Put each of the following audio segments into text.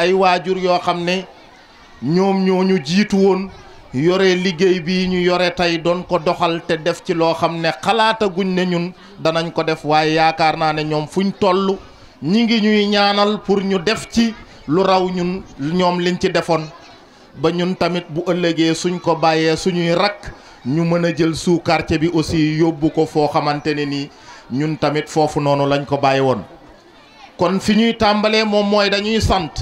ay waajur yoo xam ne ñoom ñoo ñu jiitu woon yore liggéey bi ñu yore tey doon ko doxal te def ci loo xam ne xalaataguñ ne ñun danañ ko def waaye yaakaar naa ne ñoom fuñ toll ñi ngi ñuy ñaanal pour ñu def ci lu raw ñun ñoom liñ ci defoon ba ñun tamit bu ëllëgee suñ ko bàyyee suñuy rakk ñu mën a jël sous quartier bi aussi yóbbu ko foo xamante ne nii ñun tamit foofu noonu lañ ko bàyyi woon kon fi ñuy tàmbalee moom mooy dañuy sant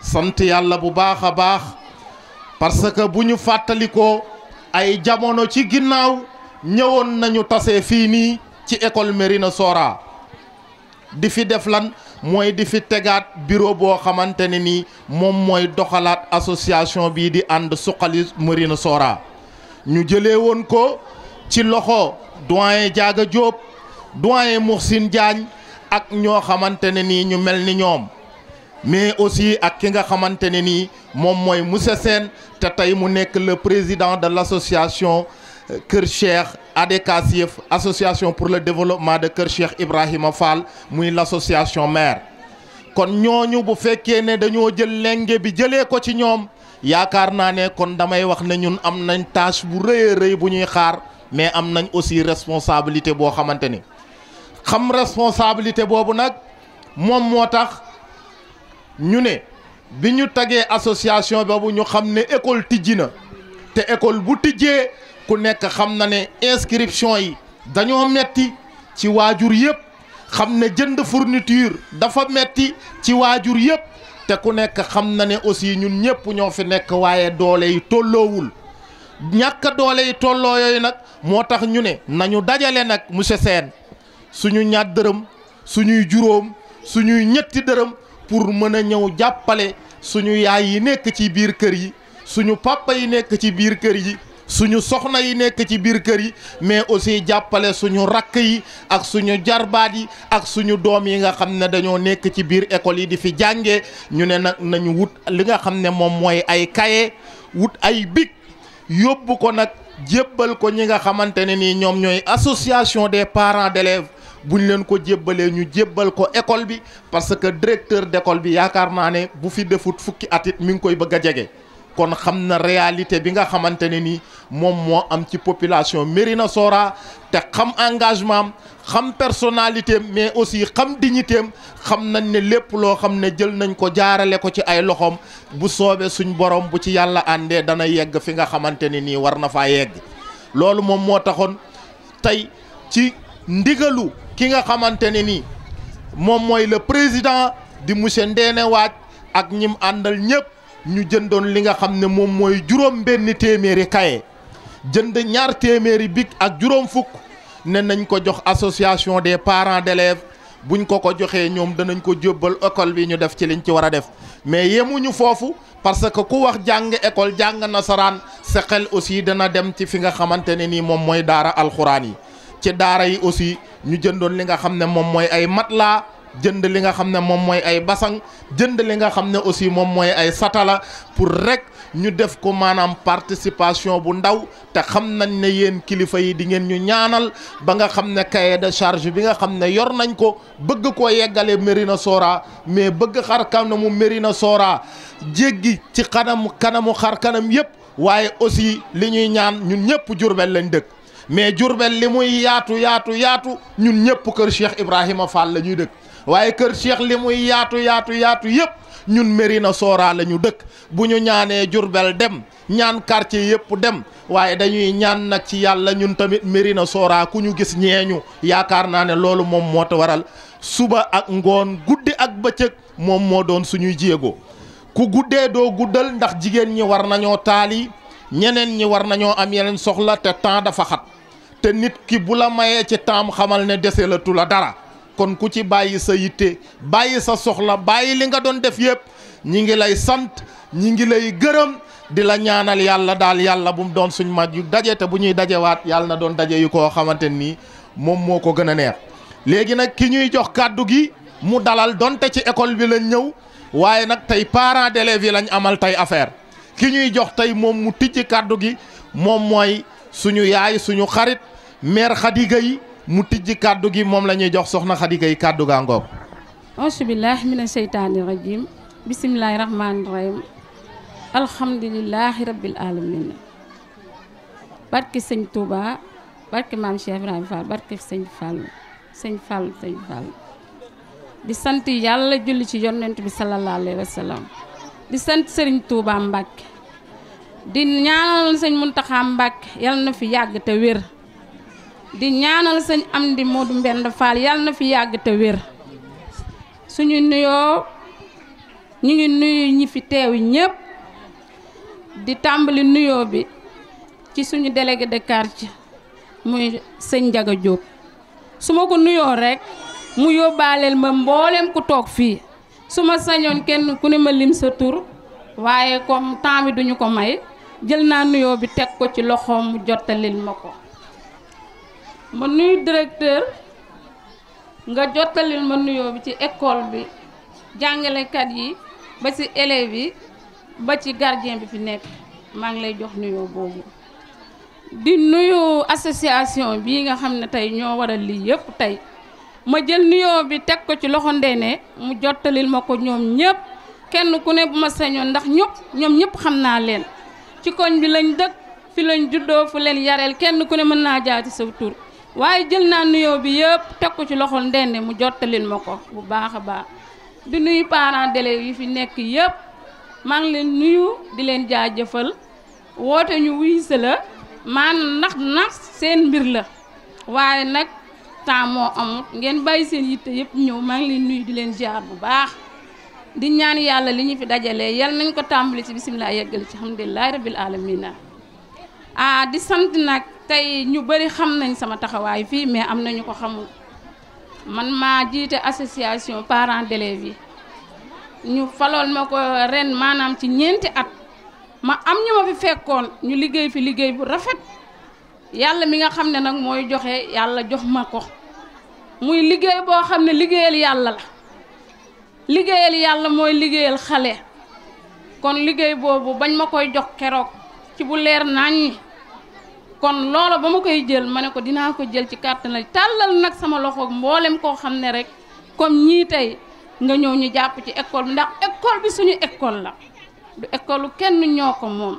sant yàlla bu baax a baax parce que bu ñu fàttalikoo ay jamono ci ginnaaw ñëwoon nañu tase fii nii ci école Mérina Sorah di fi def lan mooy di fi tegaat bureau boo xamante ne nii moom mooy doxalaat association bii di ànd suqali Mérina Sorah ñu jëlee woon ko ci loxo doyen Diaga Diop doyen Mouhsin Diagne ak ñoo xamante ne nii ñu mel ni ñoom. mais aussi à Kenga nga Mon ne Moussesen, moom mooy monsieur le président de l'association Kircher euh, Kër association pour le développement de Kircher Ibrahim Afal Fall l'association mère kon nous, bu nous, né dañoo jël nous, bi jëlee ko ci ñoom yaakaar naa nous, kon damay wax ne am tâche bu rëy a mais am nañ aussi responsabilité boo xamante responsabilité pour nag moom ñu ne bi ñu tagee association boobu ñu xam ne école tijji na te école bu tijjee ku nekk xam na ne inscription yi dañoo metti ci waajur yëpp xam ne jënd fourniture dafa metti ci waajur yëpp te ku nekk xam na ne aussi ñun ñëpp ñoo fi nekk waaye doole yi tolloowul ñàkk doole yi tolloo yooyu nag moo tax ñu ne nañu dajale nag monsieur Sène suñu ñaat dërëm suñuy juróom suñuy ñetti dërëm pour mën a ñëw jàppale suñu yaay yi nekk ci biir kër yi suñu papa yi nekk ci biir kër yi suñu soxna yi nekk ci biir kër yi mais aussi jàppale suñu rakk yi ak suñu jarbaat yi ak suñu doom yi nga xam ne dañoo nekk ci biir école yi di fi jàngee ñu ne nag nañu wut li nga xam ne moom mooy ay kaye wut ay bic yóbbu ko nag jébbal ko ñi nga xamante ne nii ñoom ñooy association des parents de d'élèves buñ leen ko jébbalee ñu jébbal ko école bi parce que directeur d'école bi yaakaar naa ne bu fi defut fukki atit mi ngi koy bëgg a jege kon xam na réalité bi nga xamante ne ni moom moo am ci population Mérina Sora te xam engagement xam personnalité mais aussi xam dignité am xam nañ ne lépp loo xam ne jël nañ ko jaarale ko ci ay loxoom bu soobee suñ borom bu ci yàlla àndee dana yegg fi nga xamante ne nii war na faa yegg loolu moom moo taxoon tey ci ndigalu ki nga xamante ne nii moom mooy le président di monsieur Ndéné Wathie ak ñim àndal ñëpp ñu jëndoon li nga xam ne moom mooy juróom benn téeméeri kaye jënd ñaar téeméeri bic ak juróom fukk ne nañ ko jox association des parents d'élèves buñ ko ko joxee ñoom danañ ko jébbal école bi ñu def ci liñ ci war a def mais yemuñu foofu parce que ku wax jàng école jàng nasaraan sa xel aussi dana dem ci fi nga xamante ne nii moom mooy daara alxuraan yi ci daara yi aussi ñu jëndoon li nga xam ne moom mooy ay matelas jënd li nga xam ne moom mooy ay basang jënd li nga xam ne aussi moom mooy ay satala pour rek ñu def ko maanaam participation bu ndaw te xam nañ ne yéen kilifa yi di ngeen ñu ñaanal ba nga xam ne cahier de charge bi nga xam ne yor nañ ko bëgg koo yeggale Mérina Sorah mais bëgg xar kanamu Mérina Sorah jéggi ci kanam kanamu xar kanam yëpp waaye aussi li ñuy ñaan ñun ñëpp Jurbel lañ dëkk mais Jurbel li yaatu yaatu yaatu ñun ñëpp kër Cheikh Ibrahima Fall la ñuy dëkk waaye kër Cheikh li yaatu yaatu yaatu yëpp ñun Mérina sooraa la ñu dëkk bu ñu ñaanee Jurbel dem ñaan quartier yëpp dem waaye dañuy ñaan nag ci yàlla ñun tamit Mérina sooraa ku ñu gis ñeeñu yaakaar naa ne loolu moom moo ta waral suba ak ngoon guddi ak bëccëg moom moo doon suñuy jéego ku guddee doo guddal ndax jigéen ñi war nañoo taali ñeneen ñi war nañoo am yeneen soxla te temps nit ki bu la mayee ci temps xamal ne dese la tu dara kon ku ci bàyyi sa yitte bàyyi sa soxla bàyyi li nga doon def yépp ñi ngi lay sant ñi ngi lay gërëm di la ñaanal yàlla daal yàlla bu mu doon suñ maj yu daje bu ñuy dajewaat yàlla na doon daje yu koo xamante nii moom moo ko gën a neex léegi nag ki ñuy jox kàddu gi mu dalal donte ci école bi lañ ñëw waaye nag tey parents d'élèves yi lañ amal tey affaire ki ñuy jox tey moom mu tijji kàddu gi moom mooy suñu yaay suñu xarit maire Khady Gueye mu tijji kàddu gi moom lañuy jox soxna Khady Gueye kàddu gaa ngoog ansubillah mina seytaani rajim bisimilahi rahmaani rahim alhamdulilahi rabbil alamin barke sëñ Touba barke maam Cheikh Ibrahima Fall barke sëñ Fall sëñ Fall sëñ Fall di sant yàlla julli ci yonent bi sallallahu alayhi wa di sant sëriñ Touba Mbacke di ñaanal sëñ Muntaxa Mbacke yàlla na fi yàgg te wér di ñaanal sëñ Amdi Modou Mbend Fall yàlla na fi yàgg te wér suñu nuyoo ñu ngi nuyu ñi fi teew ñépp di tàmbali nuyoo bi ci suñu délégué de muy sëñ Njaga Jóob su ma ko nuyoo rekk mu yóbbaaleel ma mbooleem ku toog fii su ma sañoon kenn ku ne ma lim sa tur waaye comme temps bi duñu ko may jël naa nuyoo bi teg ko ci loxoom mu jottalil ma ko ma nuyu directeur nga jottalil ma nuyoo bi ci ekool bi jàngalekat yi ba ci élèves yi ba ci gardien bi fi nekk maa ngi lay jox nuyoo boobu di nuyu association bi nga xam ne tey ñoo waral lii yëpp tey ma jël nuyoo bi teg ko ci loxo Ndéné mu jottalil ma ko ñoom ñëpp kenn ku ne bu ma sañoon ndax ñëpp ñoom ñëpp xam naa leen ci koñ bi lañ dëkk fi lañ juddoo fu leen yareel kenn ku ne mën naa jaar ci sa tur waaye jël naa nuyoo bi yëpp teg ci loxol ndende mu jottalin ma ko bu baax a baax di nuyu parents d'élèves yi fi nekk yépp maa ngi leen nuyu di leen jaajëfal woote ñu wuyse la maan nax ndax seen mbir la waaye nag temps moo amut ngeen bàyyi seen yitte yëpp ñëw maa ngi leen nuyu di leen jaar bu baax di ñaan yàlla li ñu fi dajale yal nañ ko tàmbali ci bisimilah yeggali ci alhamdulilah rabil alamina ah di sant nag. tey ñu bari xam nañ sama taxawaay fii mais am nañu ko xamul man maa jiite association parents d'élèves yi ñu faloon ma ko ren maanaam ci ñeenti at ma am ñu ma fi fekkoon ñu liggéey fi liggéey bu rafet yàlla mi nga xam ne nag mooy joxe yàlla jox ma ko muy liggéey boo xam ne liggéeyal yàlla la liggéeyal yàlla mooy liggéeyal xale kon liggéey boobu bañ ma koy jox keroog ci bu leer nañ kon lolo ba koy jël ma ko dina ko jël ci na talal nak sama loxo mbollem ko xamné rek comme ñi tay nga ekol ñu japp ci école ndax école bi suñu école la du école kenn ñoko ko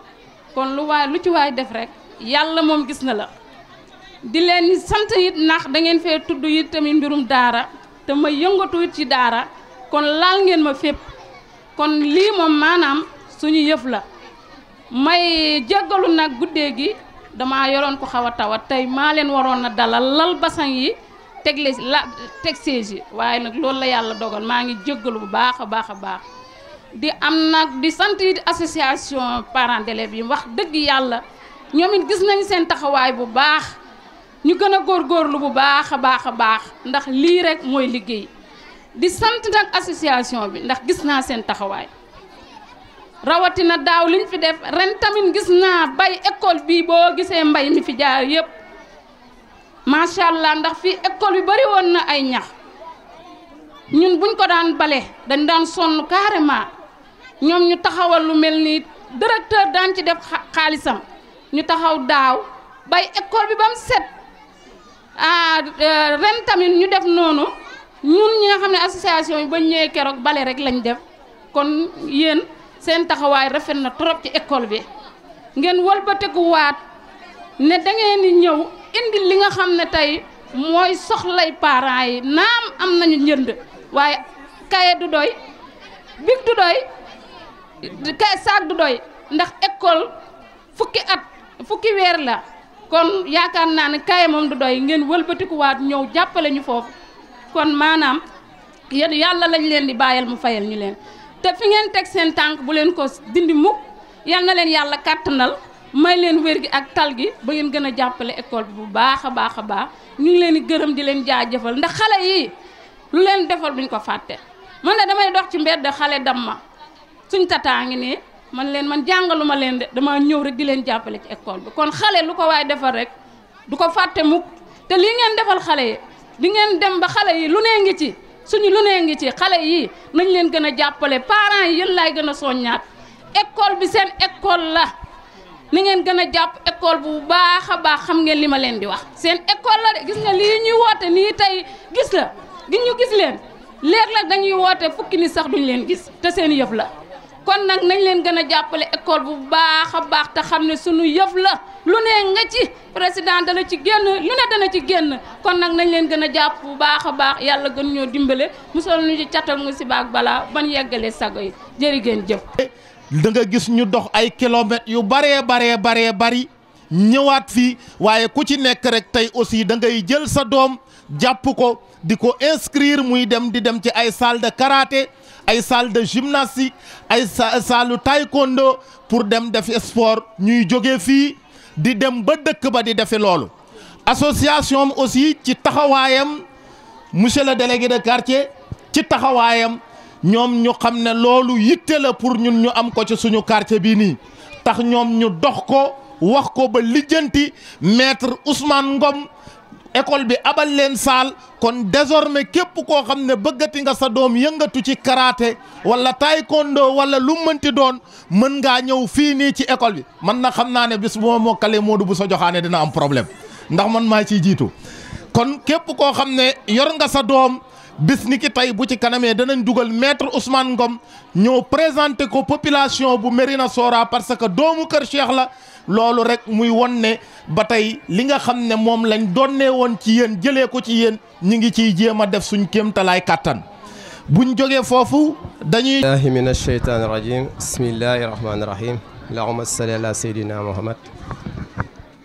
kon lu way lu ci way def rek yalla mom gis na la di leen sante yit ndax da ngeen fe tuddu yit tamit mbirum daara te ma yëngatu ci daara kon laal ngeen ma fep kon li mom manam suñu yëf la may jéggalu nak guddé gi damaa yoroon ko xaw a tawat tey maa leen waroon na dalal lal basan yi teg la teg siège yi waaye nag loolu la yàlla dogal maa ngi jéggalu bu baax a baax a baax di am nag di sant association parents d'élèves yi wax dëgg yàlla ñoom it gis nañ seen taxawaay bu baax ñu gën a góorlu bu baax a baax a baax ndax lii rek mooy liggéey di sant nag association bi ndax gis naa seen taxawaay rawatina daaw liñ fi def ren tamit gis na bay école bi bo gisé mbay mi fi jaar ma sha allah ndax fi école yu bari won na ay ñax ñun buñ ko daan balé dañ daan son carrément ñom ñu taxawal lu melni directeur daan ci def xaalisam ñu taxaw daw bay école bi bam set ah euh, ren tamit ñu def nonu ñun ñi nga xamné association bi bañ ñëw kérok balé rek lañ def kon yeen seen taxawaay rafet na trop ci école bi ngeen walbatiku ne da ngeen ñëw indi li nga xam ne tey mooy soxlay parents yi naam am nañu njënd waaye kaye du doy bic du doy kaye saag du doy ndax école fukki at fukki weer la kon yaakaar naa ne kaye moom du doy ngeen wëlbatiku ñëw jàppale ñu foofu kon maanaam yéen yàlla lañ leen di bàyyil mu fayal ñu leen te fi ngeen teg seen tànk bu leen ko dindi mukk yal na leen yàlla kàttanal may leen wér gi ak tal gi ba ngeen gën a jàppale ekool bi bu baax a baax a baax ñu ngi leen di gërëm di leen jëfal ndax xale yi lu leen defal buñ ko fàtte man ne damay dox ci mbedd xale dam ma suñ tataa ngi ne man leen man jàngaluma leen de dama ñëw rek di leen jàppale ci école bi kon xale lu ko waay defal rek du ko fàtte mukk te lii ngeen defal xale yi di ngeen dem ba xale yi lu nee ngi ci suñu lu nee ngi ci xale yi nañ leen gën a jàppale parents yi yéen laay gën a soññaat école bi seen école la ni ngeen gën a jàpp école bu baax a baax xam ngeen li ma leen di wax seen école la de gis nga lii ñuy woote nii tey gis la gi ñu gis leen léeg la dañuy woote fukki ni sax duñ leen gis te seen yëf la kon nag nañ leen gën a jàppale école bu baax a baax te xam ne sunu yëf la lu ne nga ci président dana ci génn lu ne dana ci génn kon nag nañ leen gën a jàpp bu baax a baax yàlla gën ñoo dimbale musal ñu ci catal mu si baak balaa ban yeggale sago yi jëri ngeen jëf da nga gis ñu dox ay kilomètres yu baree baree baree bari ñëwaat fii waaye ku ci nekk rek tey aussi da ngay jël sa doom jàpp ko di ko inscrire muy dem di dem ci ay salle de karaté ay salle de gymnastique ay salle taekwondo pour dem def sport ñuy jóge fii di dem ba dëkk ba di defe loolu association aussi ci taxawaayam monsieur le délégué de quartier ci taxawaayam ñoom ñu xam ne loolu yitte la pour ñun ñu am ko ci suñu quartier bi nii tax ñoom ñu dox ko wax ko ba lijjanti maître Ousmane Ngom école bi abal leen saal kon désormais képp koo xam ne bëggati nga sa doom yëngatu ci karaate wala taekwondo wala lu mënti doon mën ngaa ñëw fii nii ci école bi man na xam naa ne bis boo mokkalee Modou bu sa joxaane dina am problème ndax man maa ciy jiitu kon képp koo xam ne yor nga sa doom bis ni ki tey bu ci kanamee danañ dugal maître Ousmane Ngom ñëw présenté ko population bu Mérina Sora parce que doomu kër Cheikh la loolu rek muy won ne ba tey li nga xam ne moom lañ donnee woon ci yéen jëlee ko ci yéen ñu ngi ciy jéem a def suñ kéemtalaay kàttan buñ jógee foofu dañuy lahi min asheytan irajim bismillahi rahmani rahim allahumma salli ala seydina muhammad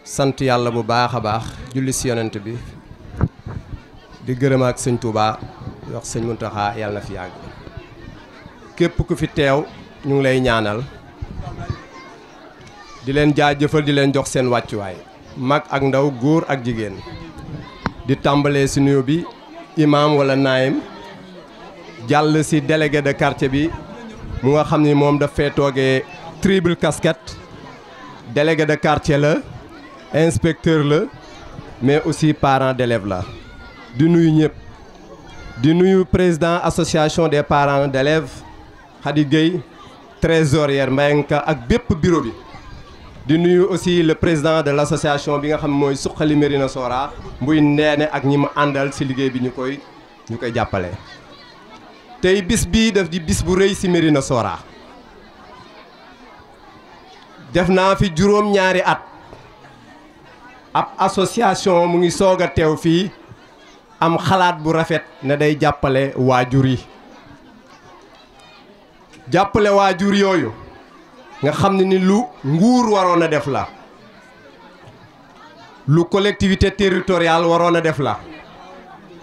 sant yàlla bu baax a baax julli si yonent bi di gërëm ak sëñ Tuubaa wax seigne muntaha yalla fi yag kep ku fi tew ñu ngi lay ñaanal di len jaajeufal di len jox seen way mak ak ndaw goor ak jigen di tambalé ci nuyu bi imam wala Naim, jall ci délégué de quartier bi mu nga xamni mom da fay togué triple casquette délégué de quartier la inspecteur la mais aussi parent d'élève la di nuyu di nuyu président association des parents d'élèves Khady Gueye trésorière Mbayenka ak bép bureau bi di nuyu aussi le président de l'association bi nga xam moy Suqali Mérina Sora muy néné ak ñima andal ci liguey bi ñukoy ñukoy jappalé tay bis bi def di bis bu reuy ci Mérina Sora def na fi juroom ñaari at ab association mu ngi soga a fi am xalaat bu rafet na day jàppale waajur yi jàppale waajur yooyu nga xam ne ni lu nguur waroon a def la lu collectivité territoriale waroon a def la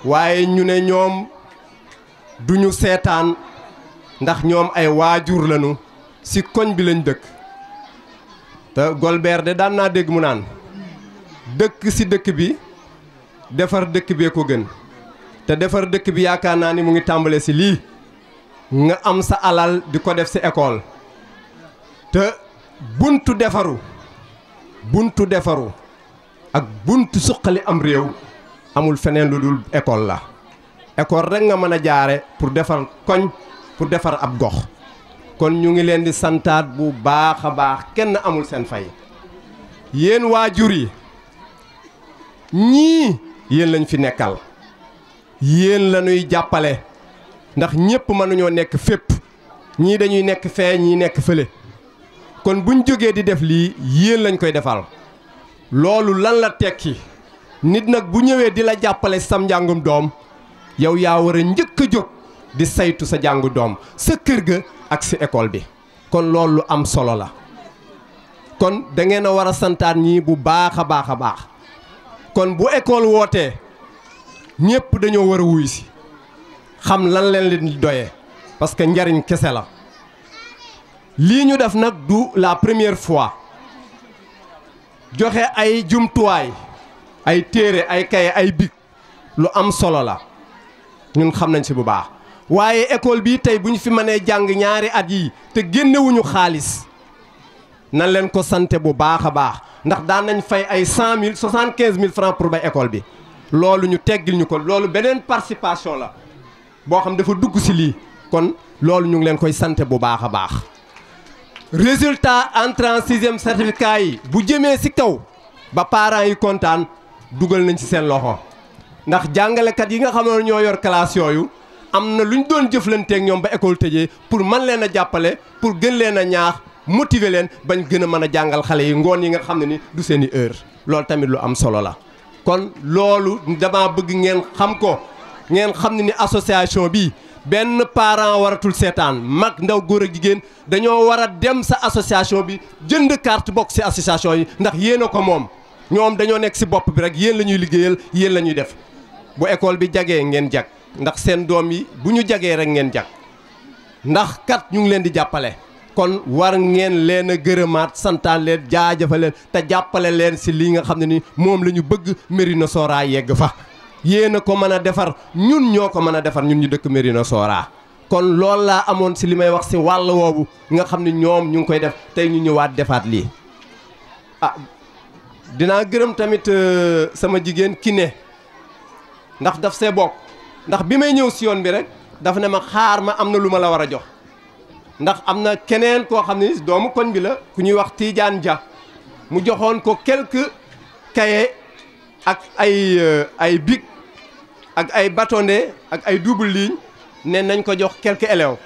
waaye ñu ne ñoom duñu seetaan ndax ñoom ay waajur lañu ci koñ bi lañ dëkk te Golbert de daan naa dégg mu naan dëkk ci dëkk bi defar dëkk bee ko gën te defar dëkk bi yaakaar naa ni mu ngi tàmbale si lii nga am sa alal di ko def si école te buntu defaru buntu defaru ak buntu suqali am réew amul feneen lu dul école la école rek nga mën a jaare pour defar koñ pour defar ab gox kon ñu ngi leen di santaat bu baax a baax kenn amul seen fay yéen waajur yi ñii yéen lañ fi nekkal yéen la ñuy jàppale ndax ñépp mënuñoo nekk fépp ñii dañuy nekk fee ñii nekk fële kon buñ jógee di def lii yéen lañ koy defal loolu lan la tekki nit nag bu ñëwee di la jàppale sam njàngum doom yow yaa war a njëkk a jóg di saytu sa jàngu doom sa kër ga ak si école bi kon lool lu am solo la kon dangeen a war a santaan ñii bu baax a baax a baax kon bu école wootee ñëpp dañoo war a wuy si xam lan leen leen doye parce que njariñ kese la lii ñu def nag du la première fois joxe ay jumtuwaay ay téere ay kaye ay bic lu am solo la ñun xam nañ si bu baax waaye école bii tey bu ñu fi mënee jàng ñaari at yi te génnewuñu xaalis nan leen ko sante bu baax a baax ndax daan nañ fay ay cent mille soixante quinze mille francs pour bay école bi loolu ñu teggil ñu ko loolu beneen participation la boo xam dafa dugg ci lii kon loolu ñu ngi leen koy sant bu baax a baax résultat entrant sixième certificat yi bu jëmee ci kaw ba parents yi kontaan dugal nañ ci seen loxo ndax jàngalekat yi nga xamoon ñoo yor classe yooyu am na lu ñu doon jëflanteeg ñoom ba école tëjee pour man leen a jàppale pour gën leen a ñaax motiver leen bañ gën a mën a jàngal xale yi ngoon yi nga xam ne ni du seen i heure loolu tamit lu am solo la kon loolu dama bëgg ngeen xam ko ngeen xam ne ni association bi benn parent waratul seetaan mag ndaw góor ak jigéen dañoo war a dem sa association bi jënd carte bokk ci association yi ndax yéen ko moom ñoom dañoo nekk ci bopp bi rek yéen la ñuy liggéeyal yéen la ñuy def bu école bi jagee ngeen jag ndax seen doom yi bu ñu jagee rek ngeen jag ndax kat ñu ngi leen di jàppale kon war ngeen leen a gërëmaat santaan leen te jàppale leen si lii nga xam ne ni moom la ñu bëgg Mérina Sorah yegg fa yéen a ko mën a defar ñun ñoo ko mën a defar ñun ñu dëkk Mérina Sorah kon loolu laa amoon si li may wax si wàll woowu nga xam ne ñoom ñu ngi koy def tey ñu ñëwaat defaat lii ah dinaa gërëm tamit euh, sama jigéen Kiné ndax daf see bokk ndax bi may ñëw si yoon bi rek daf ne ma xaar ma am na lu ma la war a jox ndax am na keneen koo xam ne doomu koñ bi la ku ñuy wax tiijaan Dia mu joxoon ko quelques kaye ak ay euh, ay bic ak ay batonde ak ay double ligne ne nañ ko jox quelques élèves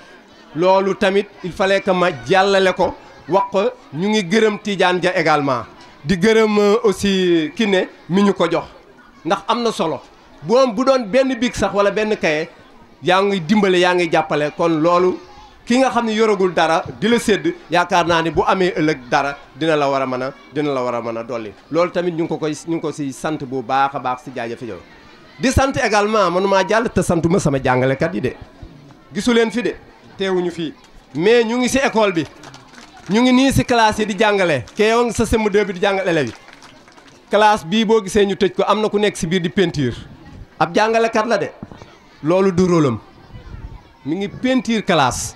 loolu tamit il fallait que ma jàllale ko wax ko ñu ngi gërëm Tidiane Dia également di gërëm euh, aussi ki ne mi ñu ko jox ndax am na solo boom bu doon benn bic sax wala benn kaye yaa ngi dimbale yaa ngi jàppale kon loolu kii nga xam ne yoragul dara di la sédd yaakaar naa ni bu amee ëllëg dara dina la war a mën a dina la war a mën a dolli loolu tamit ñu ngi ko koy ñu ngi ko si sant bu baax a baax si jaajëfe yow di sant également manumaa jàll te santuma sama jàngalekat yi de gisu leen fi de teewuñu fii mais ñu ngi si école bi ñu ngi nii si classe yi di jàngale keewa sa sem deux bi di jàngale élèves yi classe bii boo gisee ñu tëj ko am na ku nekk si biir di peinture ab jàngalekat la de loolu du rôlam ngi peinture classe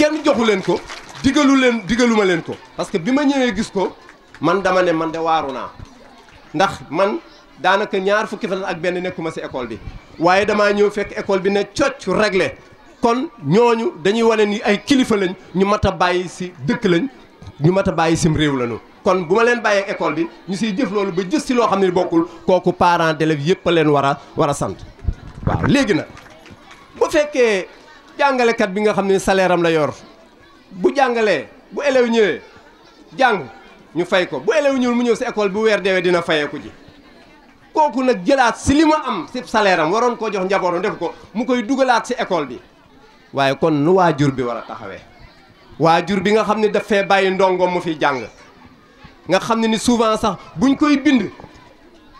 kenn joxu leen ko digalu leen digaluma leen ko parce que bi ma ñëwee gis ko man dama ne man de waaru naa ndax man daanaka ñaar fukki fan ak benn nekkuma si école bi waaye damaa ñëw fekk école bi ne cocc réglé kon ñooñu dañuy wane ni ay kilifa lañ ñu mat a bàyyi si dëkk lañ ñu mat a bàyyi sim réew lañu kon bu ma leen bàyyee école bi ñu siy jëf loolu ba jës si loo xam ne bokkul kooku parents d'élèves yëpp a leen war a war a sant waaw léegi nag bu fekkee kat bi nga xamni ne salaire am la yor bu jangale bu elew ñewé jang ñu fay ko bu elew ñul mu ñew ci école bu wër déwé dina ko ji koku nak jëlaat si li am silima salaire am waroon koo jox njaboro def ko mu koy dugalaat ci école bi waye kon nu wajur bi wara taxawé wajur bi nga xamni da daf baye ndongo mu fi jang nga xamni ni souvent sax buñ koy bind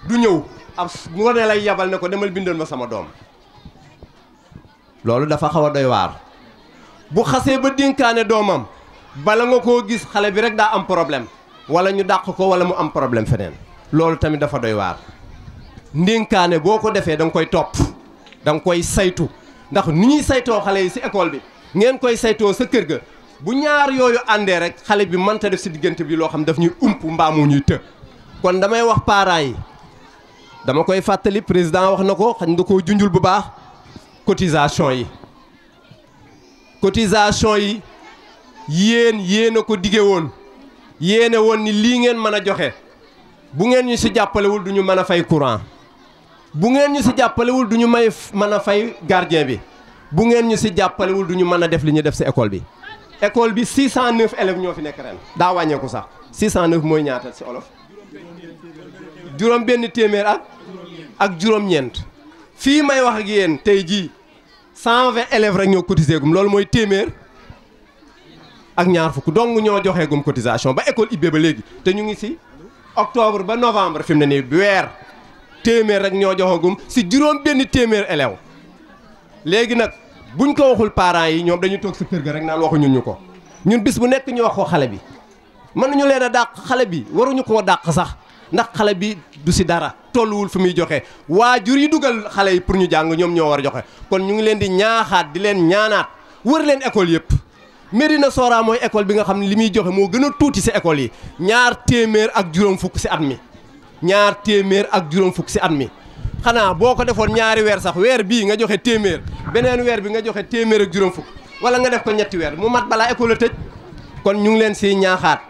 du ñew ab ngone lay yabal ne ko demal bindal ma sama dom loolu dafa xaw a doy waar bu xasee ba dénkaane doomam bala nga koo gis xale bi rek daa am problème wala ñu dàq ko wala mu am problème feneen loolu tamit dafa doy waar ndénkaane boo ko defee da koy topp da nga koy saytu ndax ni ñuy saytoo xale yi si école bi ngeen koy saytoo sa kër ga bu ñaar yooyu àndee rek xale bi mënta def si diggante bi loo xam daf ñuy ump mbaamu ñuy të kon damay wax parents yi dama koy fàttali président wax na ko xañ nga koo junjul bu baax cotisation yi cotisation yi yéen yéen a ko dige woon yéene woon ni lii ngeen mën a joxe bu ngeen ñu si jàppalewul duñu mën a fay courant bu ngeen ñu si jàppalewul duñu may mën a fay gardien bi bu ngeen ñu si jàppalewul du ñu mën a def li ñu def si école bi école bi 609 élèves ñoo fi nekk ren daa wàññeeku sax 609 mooy ñaatal si olof juróom benn téeméer ak ak juróom-ñeent fii may wax ak yéen tey jii cent vingt élèves rek ñoo cotisé gum loolu mooy téeméer ak ñaar fukk dong ñoo joxee gum cotisation ba école ibbee ba léegi te ñu ngi si octobre ba novembre fi mu ne nii weer téeméer rek ñoo joxagum si juróom benn téeméer élèves léegi nag buñ ko waxul parents yi ñoom dañu toog si kër rek naan waxuñu ñu ko ñun bis bu nekk ñu wax ko xale bi mën nañu leen a dàq xale bi waruñu koo dàq sax ndax xalé bi du ci dara tolluwul fi muy joxe wajur yi dugal xalé yi pour ñu jang ñom ñoo war joxe kon ñu ngi leen di ñaaxaat di leen ñaanaat wër leen école yépp Medina Sora moy école bi nga xamni limi joxe mo gëna tuuti ci école yi ñaar témèr ak juroom fukk ci at mi ñaar témèr ak juroom fukk si at mi xanaa defoon ñaari wër sax wër bi nga joxe témèr benen wër bi nga joxe témèr ak juroom fukk wala nga def ko ñetti wër mu mat bala école kon ñu ngi leen ci ñaaxaat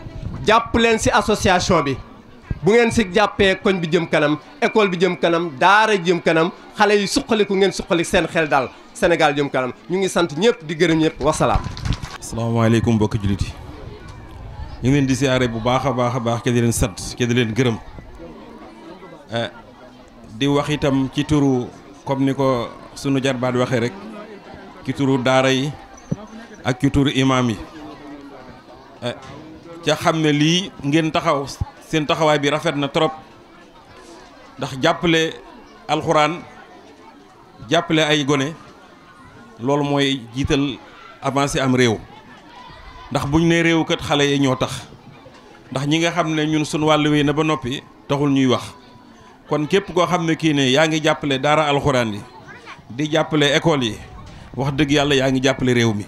jàpp leen ci association bi bu ngeen ci jàppee koñ bi jëm kanam école bi jëm kanam daara jëm kanam xale yi suqaliku ngeen suqali seen xel daal Sénégal jëm kanam ñu ngi sant ñëpp di gërëm ñëpp wasalaam. asalaamaaleykum mbokki jullit yi ñu ngi leen di siyaare bu baax a baax a baax ke di leen sat ke di leen gërëm eh, di wax itam ci turu comme ni ko sunu jarbaat waxee rek ci turu daara yi ak ci turu imaam yi. Eh, ca xam ne lii ngeen taxaw seen taxawaay bi rafet na trop ndax jàppale alxuraan jàppale ay gone loolu mooy jiital avancé am réew ndax buñ ne réew kat xale yi ñoo tax ndax ñi nga xam ne ñun suñ wàll wi na ba noppi taxul ñuy wax kon képp koo xam ne kii ne yaa ngi jàppale daara alxuraan yi di jàppale école yi wax dëgg yàlla yaa ngi jàppale réew mi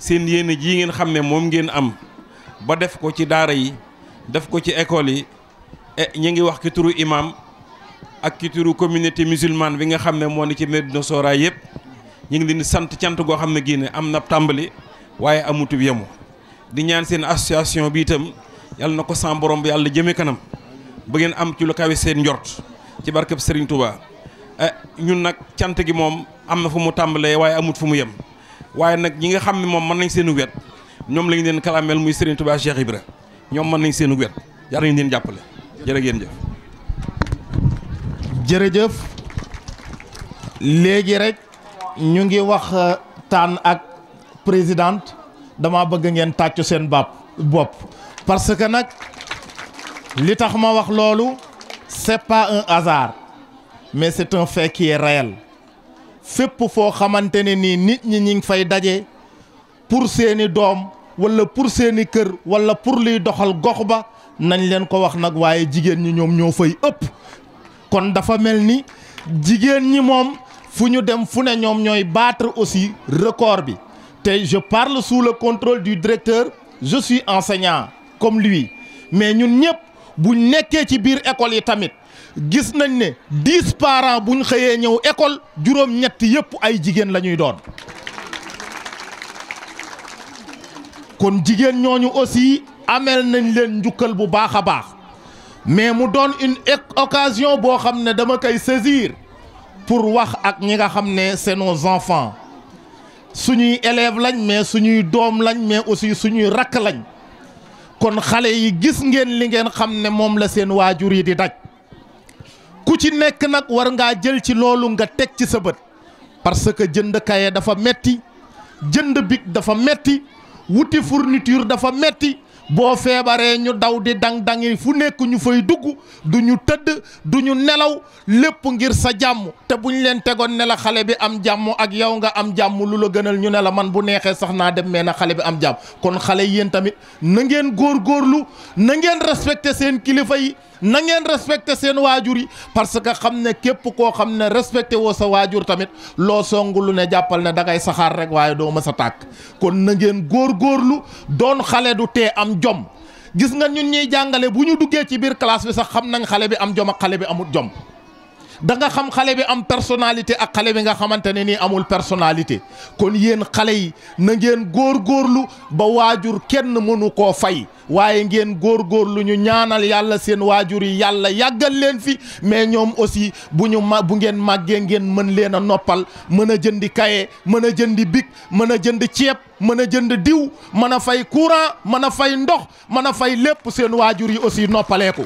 seen yéene ji ngeen xam ne moom ngeen am ba def ko ci daara yi def ko ci école yi e, ñu ngi wax ki turu imam ak ki turu communauté musulmane bi nga xam ne moo ne ci Medina Sora yëpp ñu ngi leen di sant cant goo xam ne génne am na tàmbali waaye amutub yemu di ñaan seen association bi itam yàlla na ko sans borom bi yàlla jëme kanam ba ngeen am ci lu kawe seen njort ci barkeb Serigne Touba e, ñun nag cant gi moom am na fu mu tàmbalee waaye amut fu mu yem. waaye nag ñi nga xam ne moom mën nañ seenu wet ñoom lañ leen kalamel muy Serigne Touba Cheikh Ibra ñoom mën nañ seenu wet yar nañ leen jàppale jërë ngeen jëf jërëjëf léegi rek ñu ngi wax euh, tànn ak présidente dama bëgg ngeen tàccu seen bàpp bopp parce que nag li tax ma wax loolu c'est pas un hasard mais c'est un fait qui est fépp fo xamantene ni nit ñi ñi ngi fay dajé pour seeni doom wala pour seeni kër wala pour luy doxal gox ba nañ leen ko wax nag waaye jigéen ñi ñoom ñoo fay ëpp kon dafa mel ni jigéen ñi moom fu dem fu ne ñoom ñooy battre aussi record bi te je parle sous le contrôle du directeur je suis enseignant comme lui mais ñun ñëpp bu nekkee ci biir école yi tamit gis nañ ne dix parents buñ xëyee ñëw école juróom-ñett yépp ay jigéen la ñuy doon kon jigéen ñooñu aussi ameel nañ leen njukkal bu baax a baax mais mu doon une occasion boo xam ne dama koy saisir pour wax ak ñi nga xam ne c'est nos enfants suñuy élèves lañ mais suñuy doom lañ mais aussi suñuy rakk lañ kon xale yi gis ngeen li ngeen xam ne moom la seen waajur yi di daj ku ci nekk nag war ngaa jël ci loolu nga teg ci sa bët parce que jënd kaye dafa metti jënd bic dafa metti wuti fourniture dafa metti boo feebaree ñu daw di dang-dangi fu nekk ñu fay dugg duñu tëdd du ñu nelaw lépp ngir sa jàmm te buñ leen tegoon ne la xale bi am jàmm ak yow nga am jàmm lu la gënal ñu ne la man bu neexee sax naa dem mais na xale bi am jàmm kon xale yéen tamit nangeen góor góorlu na ngeen respecté seen kilifa yi na ngeen respecté seen waajur yi parce que xam ne képp koo xam ne respecté woo sa waajur tamit loo song lu ne jàppal ne dangay saxaar rek waaye doo ma sa tàkk kon na ngeen góorgóorlu doon xale du tee am jom gis nga ñun ñuy jàngale bu ñu duggee ci biir classe bi sax xam nañ xale bi am jom ak xale bi amut jom da nga xam xale bi am personnalité ak xale bi nga xamante ne nii amul personnalité kon yéen xale yi na ngeen góor góorlu ba waajur kenn mënu koo fay waaye ngeen góor góorgóorlu ñu ñaanal yàlla seen waajur yi yàlla yàggal leen fi mais ñoom aussi bu ñu ma bu ngeen màggee ngeen mën leen a noppal mën a jëndi kaye mën a jëndi bic mën a jënd ceeb mën a jënd diw mën a fay courant mën a fay ndox mën a fay lépp seen waajur yi aussi noppaleeku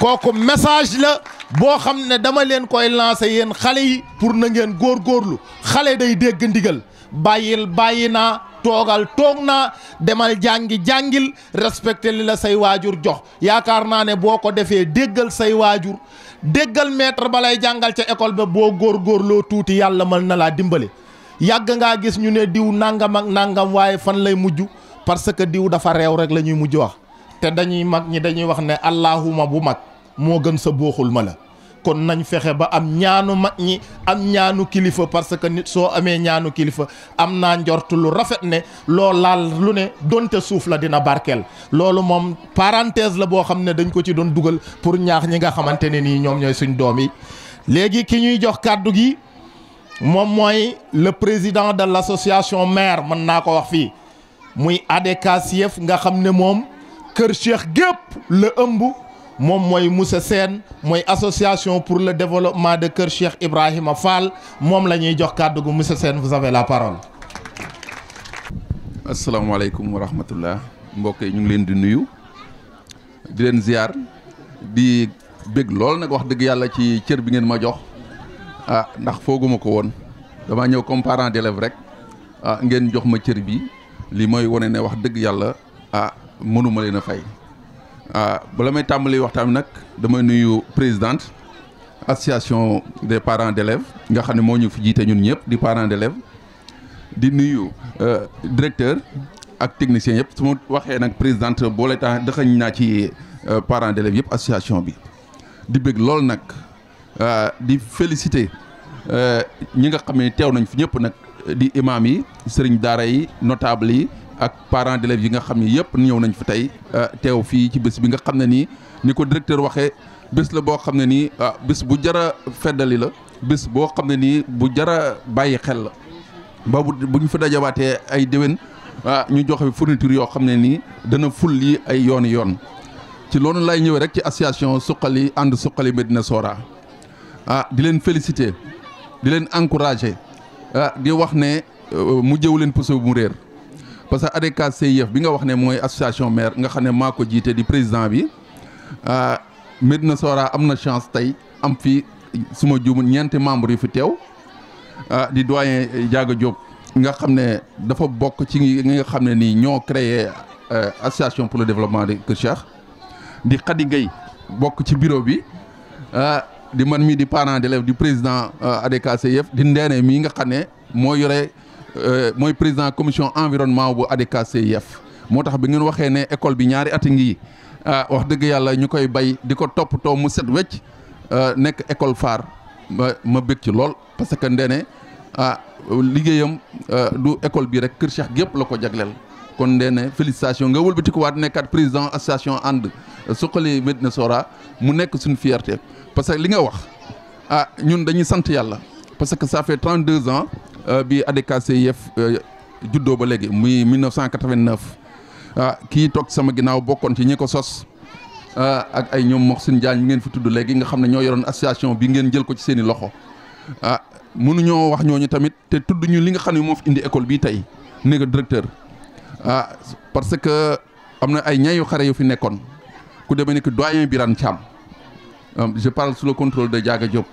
kooku message la boo xam ne dama leen koy lancé yéen xale yi pour na ngeen góorlu xale day dégg ndigal bàyyil bàyyi naa toogal toog naa demal jàngi jàngil respecté li la say waajur jox yaakaar naa ne boo ko defee déggal say waajur déggal maître ba lay jàngal ca école ba boo góor góorloo tuuti yàlla mën na laa dimbale yàgg ngaa gis ñu ne diw nangam ak nangam waaye fan lay mujj parce que diw dafa reew rek la ñuy mujj wax te dañuy mag ñi dañuy wax ne allahuma bu mag. moo gën sa booxul ma la kon nañ fexe ba am ñaanu mag ñi am ñaanu kilifa parce que nit soo amee ñaanu kilifa am naa njort lu rafet ne loo laal lu ne donte suuf la dina barkeel loolu moom parenthèse la boo xam ne dañ ko ci doon dugal pour ñaax ñi nga xamante ne nii ñoom ñooy suñ doom yi léegi ki ñuy jox kàddu gi moom mooy le président de l'association maire mën naa ko wax fii muy ADKCF nga xam ne moom kër Cheikh gépp la ëmb moom mooy Moussa Sène mooy association pour le développement de Kër Cheikh Ibrahim Fall moom lañuy jox kàddu gu Moussa Sène vous avez la parole. alaykoum wa rahmatoullah. Mbokay ñu ngi leen di nuyu di leen ziar di bëgg lool nak wax deug Yalla ci cër bi ngeen ma jox ah ndax fooguma ko won. Dama ñew comme parent d'élève rek ah ngeen jox ma cër bi li moy woné né wax deug Yalla ah mënuma leen a fay. Je ah, suis may président de bi association des parents d'élèves nga suis le directeur et le technicien ñun parents d'élèves di nuyu euh, directeur ak technicien yëpp su ma président, présidente euh, parents d'élèves association bi di euh, de féliciter nañ fi ñëpp ak parent d'élèves yi nga xam ne yëpp ñëw nañu fi tey euh, teew fii ci bés bi nga xam ne nii ni ko directeur waxee bés la boo xam ne nii euh, bés bu jar a feddali la bés boo xam ne nii bu jar a bàyyi xel la ba bu ñu fa dajawaatee ay déwén euh, ñu joxe fourniture yoo xam ne nii dana ful lii ay yooni yoon ci loolu lay ñëwee rek ci association suqali ànd suqali Medina Sora ah di leen féliciter di leen encourager ah di wax ne mu jëw leen puso bu mu réer parce que ADCACIF bi nga wax ne mooy association maire nga xam ne maa ko jiite di président bi euh, Médina Sora am na chance tey am fi suma juumul ñeenti membre yu fi teew euh, di doyen Diaga Diop nga xam ne dafa bokk ci ñi nga xam ne nii ñoo créer euh, association pour le développement de Kër Cheikh di Khady Gueye bokk ci bureau bi di man mii di parent d'élève di président ADCACIF di ndeene mii nga xam ne moo yore Euh, Moi président commission environnement bu ADKCIF moo tax bi ngeen waxé né école bi ñaari at ngi ah wax deug yalla ñukoy bay diko top to mu set wecc euh, nek école phare ma ma ci lool parce que ndene ah euh, du école bi rek keur Cheikh gep lako ko kon ndene félicitations nga wëlbatikuwaat kat président association and suqali Medina Sora mu nek sun fierté parce que li nga wax ah ñun dañuy sante yalla parce que ça fait 32 ans. Euh, bi ADKCF euh, juddoo ba léegi muy 1989 ah kii toog sama ginnaaw bokkoon ci ñi ko sos ah, ak ay ñoom moox Moxsin Diagne mi ngeen fi tudd léegi nga xam ne ñoo yoroon association bi ngeen jël ko ci seeni loxo ah mënuñoo wax ñooñu tamit te tudd ñu li nga xam ne moo fi indi école bii tey nekk directeur ah parce que am na ay ñaayu xare yu fi nekkoon ku demee ni que doyen Birane Thiam euh, je parle sous le contrôle de Diaga Diop.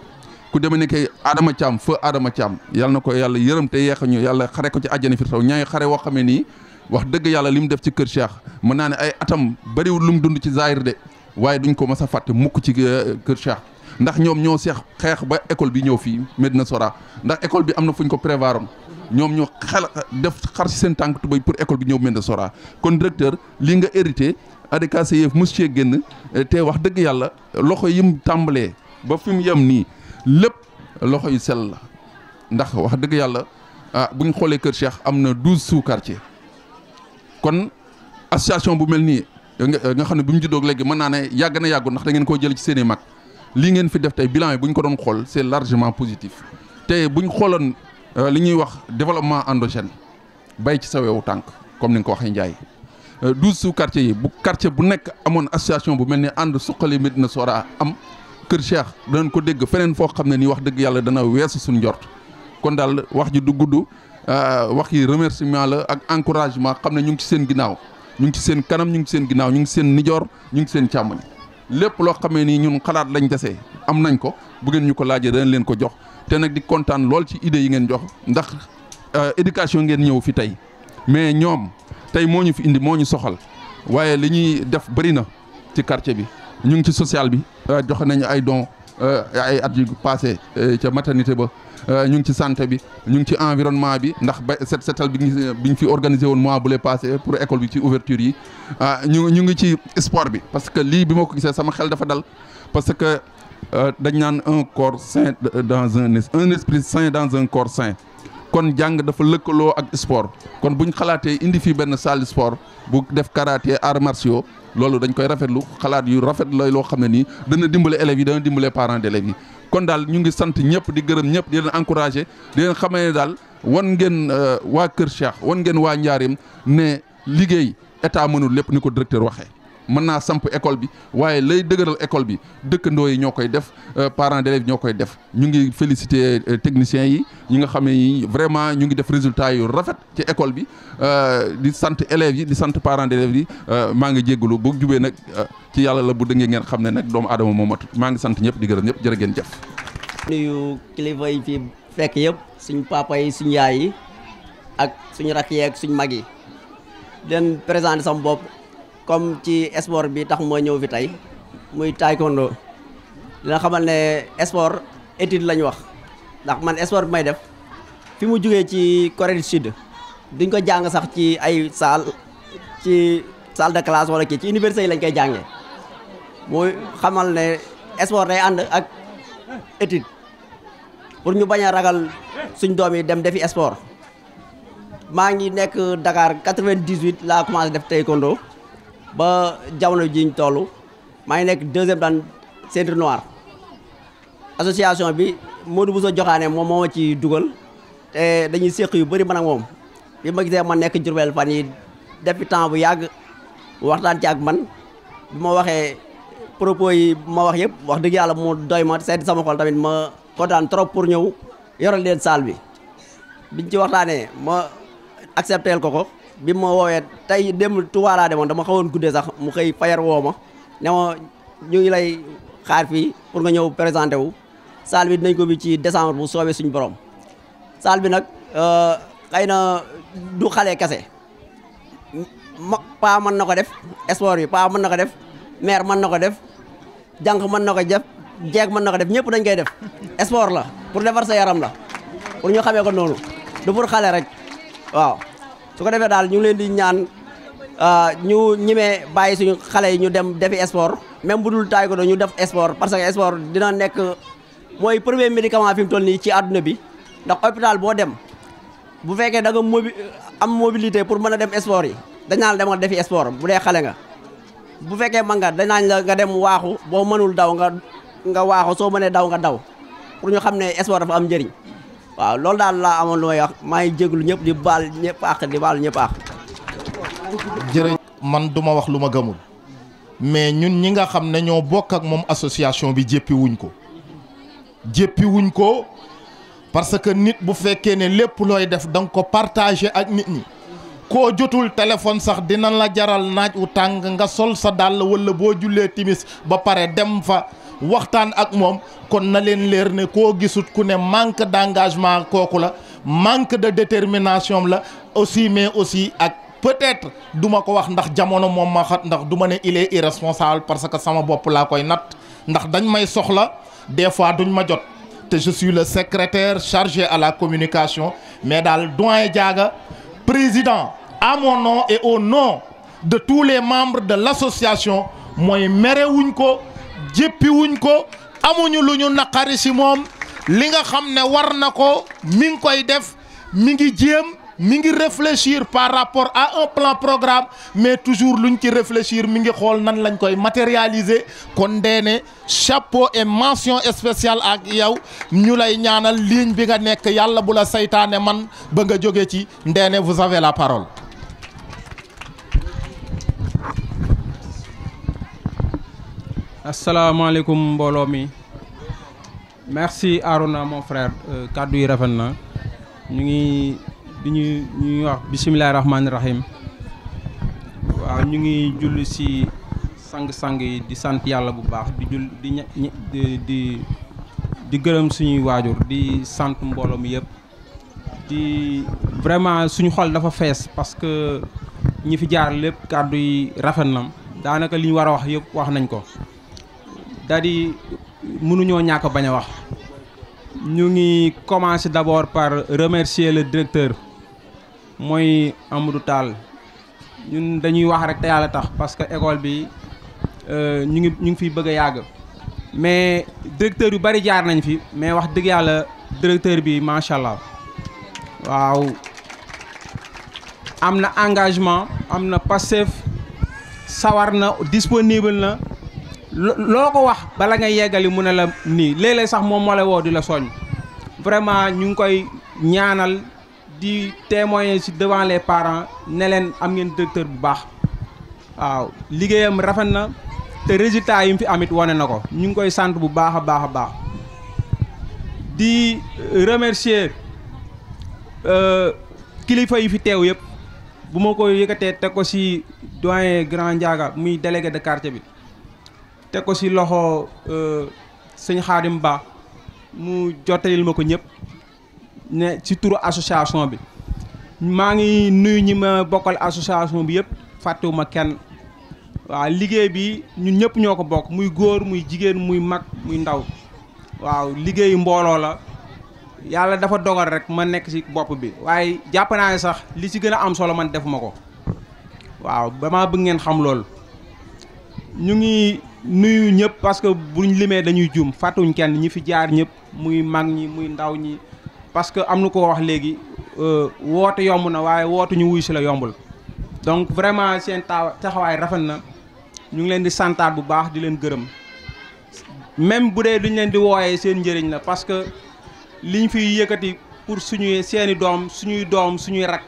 ku demee ne kay Adama Thiam feu Adama Thiam yal na ko yàlla yërëm te yeex ñu yàlla xare ko ci àjjana fi taw ñaari xare woo xamee nii wax dëgg yàlla li mu def ci kër Cheikh mën naa ne ay atam bariwul lu mu dund ci zaahir de waaye duñ ko mas a fàtte mukk ci euh, kër Cheikh ndax ñoom ñoo seex xeex ba école bi ñëw fii Medina Sora ndax école bi am na fu ñu ko prévoir ñoom ñoo xel def xar ci seen tànk tubéy pour école bi ñëw Medina Sora kon directeur lii nga hérité ADK CF mu génn te wax dëgg yàlla loxo yi mu tàmbalee ba fi mu yem nii lépp loxo yu sel la ndax wax dëgg yàlla ah bu ñu xoolee Kër Cheikh am na douze sous quartier kon association bu mel nii nga xam ne bi mu juddoo léegi mën naa ne yàgg na yàggu ndax da ngeen koo jël ci seen i mag lii ngeen fi def tey bilan yi bu ñu ko doon xool c'est largement positif te bu ñu xooloon euh, li ñuy wax développement endogène bay ci sa tànk comme ni nga ko waxee Ndiaye euh, douze sous quartier yi bu quartier bu nekk amoon association bu mel ni ànd suqali Médina Sora am kër Cheikh danañ ko dégg feneen foo xam ne wax dëgg yàlla dana weesu suñ njort kon daal wax ji du gudd euh, wax yi remerciement la ak encouragement xam ne ñu ngi ci seen ginnaaw ñu ngi ci seen kanam ñu ngi ci seen ginnaaw ñu ngi seen nijoor ñu ngi seen càmmoñ lépp loo xam ne nii ñun xalaat lañ dese am nañ ko bu ngeen ñu ko laajee danañ leen ko jox te nag di kontaan lool ci idées yi ngeen jox ndax euh, éducation ngeen ñëw fi tey mais ñoom tey moo ñu fi indi moo ñu soxal bi. ñu ngi ci social bi euh, jox nañu ay dons euh, ay at yu passé euh, ci maternité ba ñu ngi ci santé bi ñu ngi ci environnement bi ndax cette set setal bi biñ fi organisé woon mois bu lé passé pour école bi ci ouverture yi ñu ñu ngi ci sport bi parce que li bi ma ko gisee sama xel dafa dal parce que dañ naan un corps sain dans un un esprit sain dans un corps sain kon jang dafa lekkolo ak sport kon buñ xalaté indi fi benn salle sport bu def karaté art martiaux loolu dañ koy rafetlu xalaat yu rafet la loo xam ne nii dana dimbale élèves yi dana dimbale parents d'élèves yi kon daal ñu ngi sant ñëpp di gërëm ñëpp di leen encouragé di leen xamee ne daal wan ngeen euh, waa Kër Cheikh wan ngeen waa Njaarim ne liggéey état mënul lépp ni ko directeur waxee mëna samp école bi waye lay dëgëral école bi dëkk ndoy ñokoy def euh, parents d'élèves ñokoy def ñu ngi féliciter euh, techniciens yi ñi nga xamé ne vraiment ñu ngi def résultat yu rafet ci école bi euh, di sante élèves yi di sante parents d'élèves yi ma nga jéggulu bu jubé nak ci yalla la bu dëngee ngeen xamné nak doom adam mo moo matut maa ngi sant ñëpp di gërëm ñëpp jërë ngeen jëf. nuyu kilifa yi fi fekk yëpp suñ papa yi suñ yaay yi ak suñ rakk yi ak suñ mag yi den présenté sama bop comme ci sport bi tax ma ñëw fi tey muy taekwondo dina xamal ne sport étude lañ wax ndax man sport bi may def fi mu jugee ci Corée du Sud duñ ko jàng sax ci ay salle ci salle de classe wala kii ci université yi lañ koy jàngee muy xamal ne sport day ànd ak étude pour ñu bañ a ragal suñ doom yi dem defi sport maa ngi nekk Dakar 98 laa commencé def taekwondo. ba jamono jiñ tollu maa ngi nekk deuxième daan centre noir association bi Modou Bousso joxaane moom moo ma ci dugal te dañuy séq yu bëri man ak moom bi ma gisee ma nekk Jurbel fan yi depuis temps bu yàgg waxtaan ci ak man bi ma waxee propos yi ma wax yëpp wax dëgg yàlla mu doy ma seet sama xol tamit ma kontaan trop pour ñëw yoral leen salle bi biñ ci waxtaanee ma accepté ko ko bi ma woowee tey dem Touba laa demoon dama xawoon guddee sax mu xëy fayar woo ma ne ma ñu ngi lay xaar fii pour nga ñëw présenté wu salle bi dinañ ko bi ci décembre bu soobee borom salle bi nag euh, xëy na du xale kese ma paa mën na ko def sport yi paa mën na ko def maire mën na ko def jànq mën na ko def jeeg mën na ko def ñëpp dañ koy def sport la pour defar sa yaram la pour ñu xamee ko noonu du pour xale rek waaw su ko defee daal ñu ngi leen di ñaan euh, ñu ñimee bàyyi suñu xale yi ñu dem defi sport même bu dul taekwondo ñu def sport parce que sport dina nekk mooy premier médicament fi mu toll nii ci àdduna bi ndax hôpital boo dem bu fekkee da nga mobi am mobilité pour mën a dem sport yi dañ naan demal defi sport bu dee xale nga bu fekkee man nga dañ naan la nga dem waaxu boo mënul daw nga nga waaxu soo mënee daw nga daw pour ñu xam ne sport dafa am njëriñ waaw loolu daal laa amoon lu may wax maa ngi jégalu ñëpp di baal ñëpp àq di baal ñëpp àq. jërëjëf man du ma wax lu ma gamul mais ñun ñi nga xam ne ñoo bokk ak moom association bi jéppi wuñ ko jéppi ko parce que nit bu fekkee ne lépp looy def danga ko partagé ak nit ñi. koo jotul téléphone sax dina la jaral naaj wu tàng nga sol sa dàll walla boo jullee timis ba pare dem fa. waxtaan ak mom kon na leen leer ne ko gisut ku ne manque d'engagement kooku la manque de détermination la aussi mais aussi ak peut-être du ko wax ndax jamono mom ma xat ndax du ne il est irresponsable parce que sama bop la koy nat ndax dañ may soxla des fois duñ ma jot te je suis le secrétaire chargé à la communication mais dal doyen Diaga président à mon nom et au nom de tous les membres de l'association mooy merewuñ ko je wuñ ko amuñu luñu ñu naqari war na mi koy def mi ngi réfléchir par rapport à un plan programme mais toujours luñ ci réfléchir mi ngi xol nan lañ koy chapeau et mention spéciale ak yow la vous avez la parole asalaamaaleykum mbooloo mi merci Aruna, mon frère euh, kaddu yi rafet na ñu ngi di ñu ñuy wax bismillahir rahmanir rahim wa ñu ngi julli ci sang-sang yi di sante yalla bu baax di jull di di di gëreum suñu wajur di sante mbooloo mi yëpp di vraiment suñu xol dafa fess parce que ñi fi jaar lepp kaddu yi rafet na danaka li wara wax yëpp wax nañ ko daal di mënuñoo ñàkk bañ a wax ñu ngi commencer d'abord par remercier le directeur mooy Amadou Tall ñun dañuy wax rek te yàlla tax parce que école bi euh, ñu ngi ñu ngi fiy bëgg a yàgg mais directeur yu bari jaar nañ fi mais wax dëgg yàlla directeur bi macha allah waaw am na engagement am na passif sawar na disponible na loo ko wax bala ngay yeggali mu ne la nii léeg sax moom moo lay woo di la soññ vraiment ñu ngi koy ñaanal di témoigner ci devant les parents ne leen am ngeen directeur bu baax waaw liggéeyam rafet na te résultat yi mu fi amit wane na ko ñu ngi koy sant bu baax a baax a baax di remercier euh, kilifa yi fi teew yëpp bu ma ko yëkkatee teg ko ci doyen grand Ndiaga muy délégué de quartier bi teg ko si loxo euh, sëñ Xaadim Ba mu jottalil ma ko ñëpp ne ci turu association bi maa ngi nuyu ñi ma bokkal association bi yëpp fàttewuma kenn waaw liggéey bi ñun ñëpp ñoo ko bokk muy góor muy jigéen muy mag muy ndaw waaw liggéey mbooloo la yàlla dafa dogal rek ma nekk ci bopp bi waaye jàpp naa ne sax li ci gën a am solo man defuma ko waaw ba ma bëgg ngeen xam loolu ñu ngi nuyu ñëpp parce que ñu limee dañuy juum fàttuñ kenn ñi fi jaar ñëpp muy mag ñi muy ndaw ñi parce que am na ko wax léegi euh, woote yomb na waaye woote ñu wuy si la yombul donc vraiment seen taxawaay rafet na ñu ngi leen di santaat bu baax di leen gërëm même bu dee duñ leen di wooyee seen njëriñ la parce que ñu fiy yëkkati pour suñuy seeni doom suñuy doom suñuy rak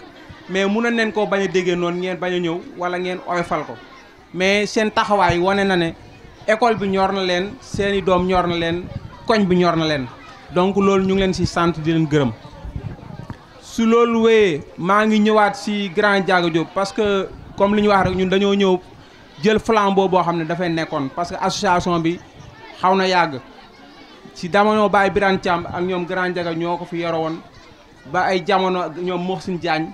mais mun nañ leen ko bañ a déggee noonu ngeen bañ a ñëw wala ngeen oyofal ko mais seen taxawaay wane na ne école bi ñor na leen seeni doom ñor na leen koñ bi ñor na leen donc loolu ñu ngi leen ci sant di leen gërëm su loolu wéyee maa ngi ñëwaat ci Grand Diaga Diop parce que comme li ñu wax rek ñun dañoo ñëw jël flambeau boo xam ne dafay nekkoon parce que association bi xaw na yàgg ci jamono Baye Birane Thiam ak ñoom Grand Diaga ñoo ko fi yore woon ba ay jamono ñoom Mohsin Diagne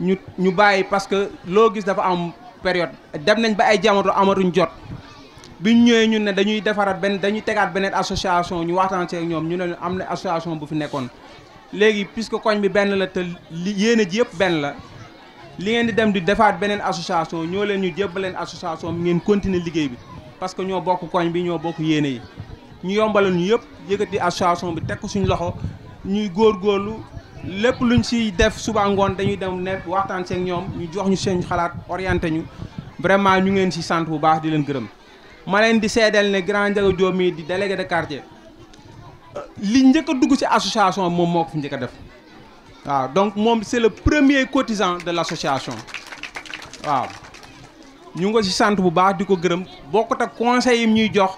ñu ñu bàyyi parce que loo gis dafa am période dem nañ ba ay jamono amatuñ jot bi ñu ñëwee ñun ne dañuy defaraat benn dañuy tegaat beneen association ñu waxtaan ci ñoom ñu ne am na association bu fi nekkoon léegi puisque koñ bi benn la te li yéene ji yëpp benn la li ngeen di dem di defaat beneen association ñoo leen ñu jébbaleen association bi ngeen continuer liggéey bi parce que ñoo bokk koñ bi ñoo bokk yéene yi ñu yombaloon ñu yëpp yëkkati association bi teg ko suñu loxo ñuy góor góorlu lépp luñ siy def suba ngoon dañuy dem ne ñoom ñu jox ñu seen xalaat orienté ñu vraiment ñu ngeen si sant bu baax di leen gërëm. ma leen di seedeel ne grand Ndiaga Diop di délégué de quartier li njëkk dugg ci association moom moo ko fi njëkk a def waaw donc moom c'est le premier cotisant de l'association waaw ñu ngi ko ci sant bu baax di ko gërëm bokkut ak conseil yi ñuy jox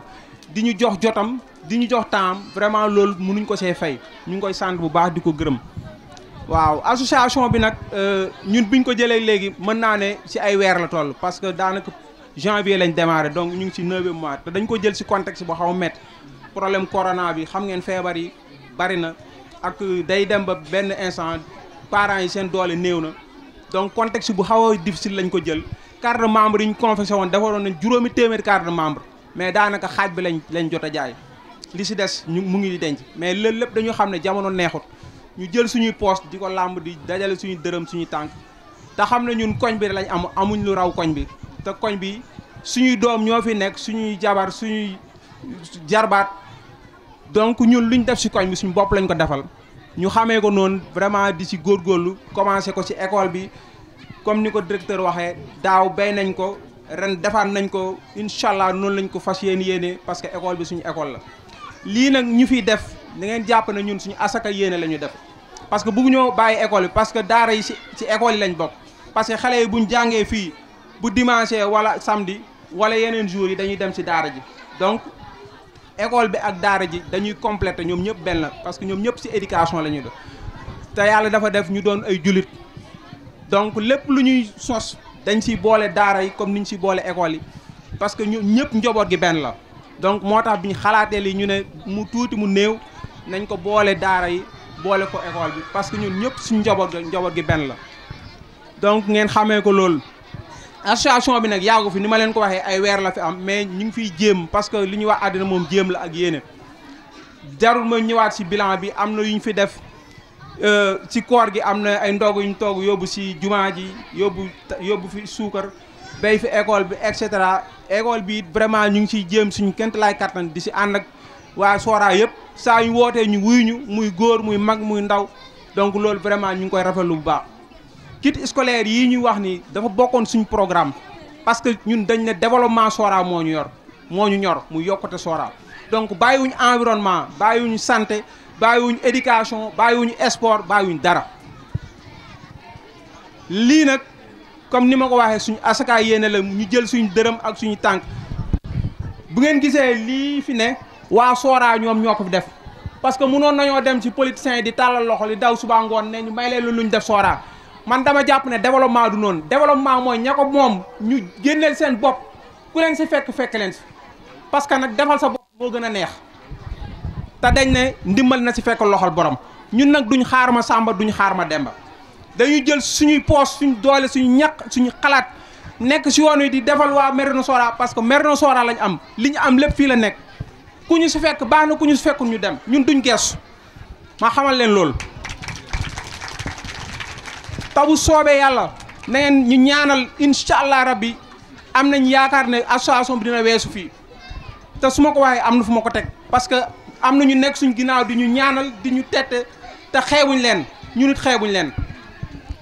di ñu jox jotam di ñu jox temps vraiment loolu mënuñ ko see fay ñu ngi koy sant bu baax di ko gërëm waaw association bi nag euh, ñun biñ ko jëlee léegi mën naa ne ci ay weer la toll parce que daanaka janvier lañ démarré donc ñu ngi ci neuvième mois te dañ ko jël ci contexte bu xaw a métti problème corona bi xam ngeen feebar yi bari na ak day dem ba benn instant parent yi seen doole néew na donc contexte bu xaw a difficile lañ ko jël carte de membre yi ñu confectionné woon defaroon nañ juróomi téeméer carte membre mais daanaka xaaj bi lañ lañ jot a jaay li ci des ñu mu ngi denc mais loolu lépp dañu xam ne jamono neexut ñu jël suñuy poste di ko làmb di dajale suñuy dërëm suñuy tànk te xam ne ñun koñ bi lañ am amuñ lu raw koñ bi te koñ bi suñu doom ño fi nek suñu jabar suñu jarbat donc ñun luñ def si koñ bi suñu bop lañ ko defal ñu xamé ko non vraiment di si gorlu commencé ko ci école bi comme niko directeur waxé daw bay nañ ko ren defaat nañ ko inshallah non lañ ko fas yene parce que école bi suñu école la li nak ñu fi def da ngeen japp na ñun suñu asaka yene lañu def parce que bëgg ñoo bàyyi école parce que daara ci si école lañ bok parce que xalé buñ jangé fi bu dimanche wala samedi wala yeneen jour yi dañuy dem ci daara ji donc école bi ak daara ji dañuy complété ñoom ñëpp benn parce que ñoom ñëpp ci éducation la ñuy def te yàlla dafa def ñu doon ay julit donc lépp lu ñuy sos dañ ciy boole daara yi comme ni ñu ciy boole école yi parce que ñu ñëpp njaboot gi benn la donc moo tax bi ñu xalaatee lii ñu ne mu tuuti mu néew nañ ko boole daara yi boole ko école bi parce que ñun ñëpp suñ njaboot gi njaboot gi benn la donc ngeen xamee ko loolu. association bi nag yàggu fi ni ma leen ko waxee ay weer la fi am mais ñu ngi fiy jéem parce que li ñu wax àddina moom jéem la ak yéene jarul ma ñëwaat si bilan bi am na yu ñu fi def euh, ci koor gi am na ay ndog yu ñu toog yóbbu si jumaa ji yóbbu yóbbu fi suukar béy fi école bi et cetera école bi it vraiment ñu ngi ciy jéem suñu kent laay kattan di si ànd ak waa Soora yëpp saa yu wootee ñu wuyu ñu muy góor muy mag muy ndaw donc loolu vraiment ñu ngi koy rafetlu bu baax. kit scolaire yi ñu wax ni dafa bokkon suñu programme parce que ñun dañ ne développement Sora mo ñu yor mo ñu ñor mu yokkute Sora donc bàyyiwuñ environnement santé bàyyiwuñ éducation bàyyiwuñ sport bàyyiwuñ dara li nak comme ni ma ko waxee asaka yene la ñu jël suñu deureum ak suñu tank bu ngeen gisee li fi ne wa Sora ñom ñoko def parce que mënon nañu dem ci politiciens di talal loxo li daw suba ngone ne ñu may leen luñ def Sora man dama jàpp ne développement du noonu développement mooy ña ko moom ñu génneel seen bopp ku leen si fekk fekk leen si parce que nag defal sa bopp moo gën a neex te dañ ne ndimbal na si fekk loxol borom ñun nag duñ xaar ma sàmba duñ xaar ma demba dañuy jël suñuy poos suñu doole suñu ñaq suñu xalaat nekk si yoon wi di defal waa Merina Sora parce que Merina Sora lañ am li ñu am lépp fii la nekk ku ñu si fekk baa na ku ñu si fekkul ñu dem ñun duñ geesu ma xamal leen loolu. taw soobee yàlla na ngeen ñu ñaanal incha allah bi am nañ yaakaar ne association bi dina weesu fii te su ma ko waxee am na fu ma ko teg parce que am na ñu nekk suñ ginnaaw di ñu ñaanal di ñu tette te xeebuñ leen ñu nit xeebuñ leen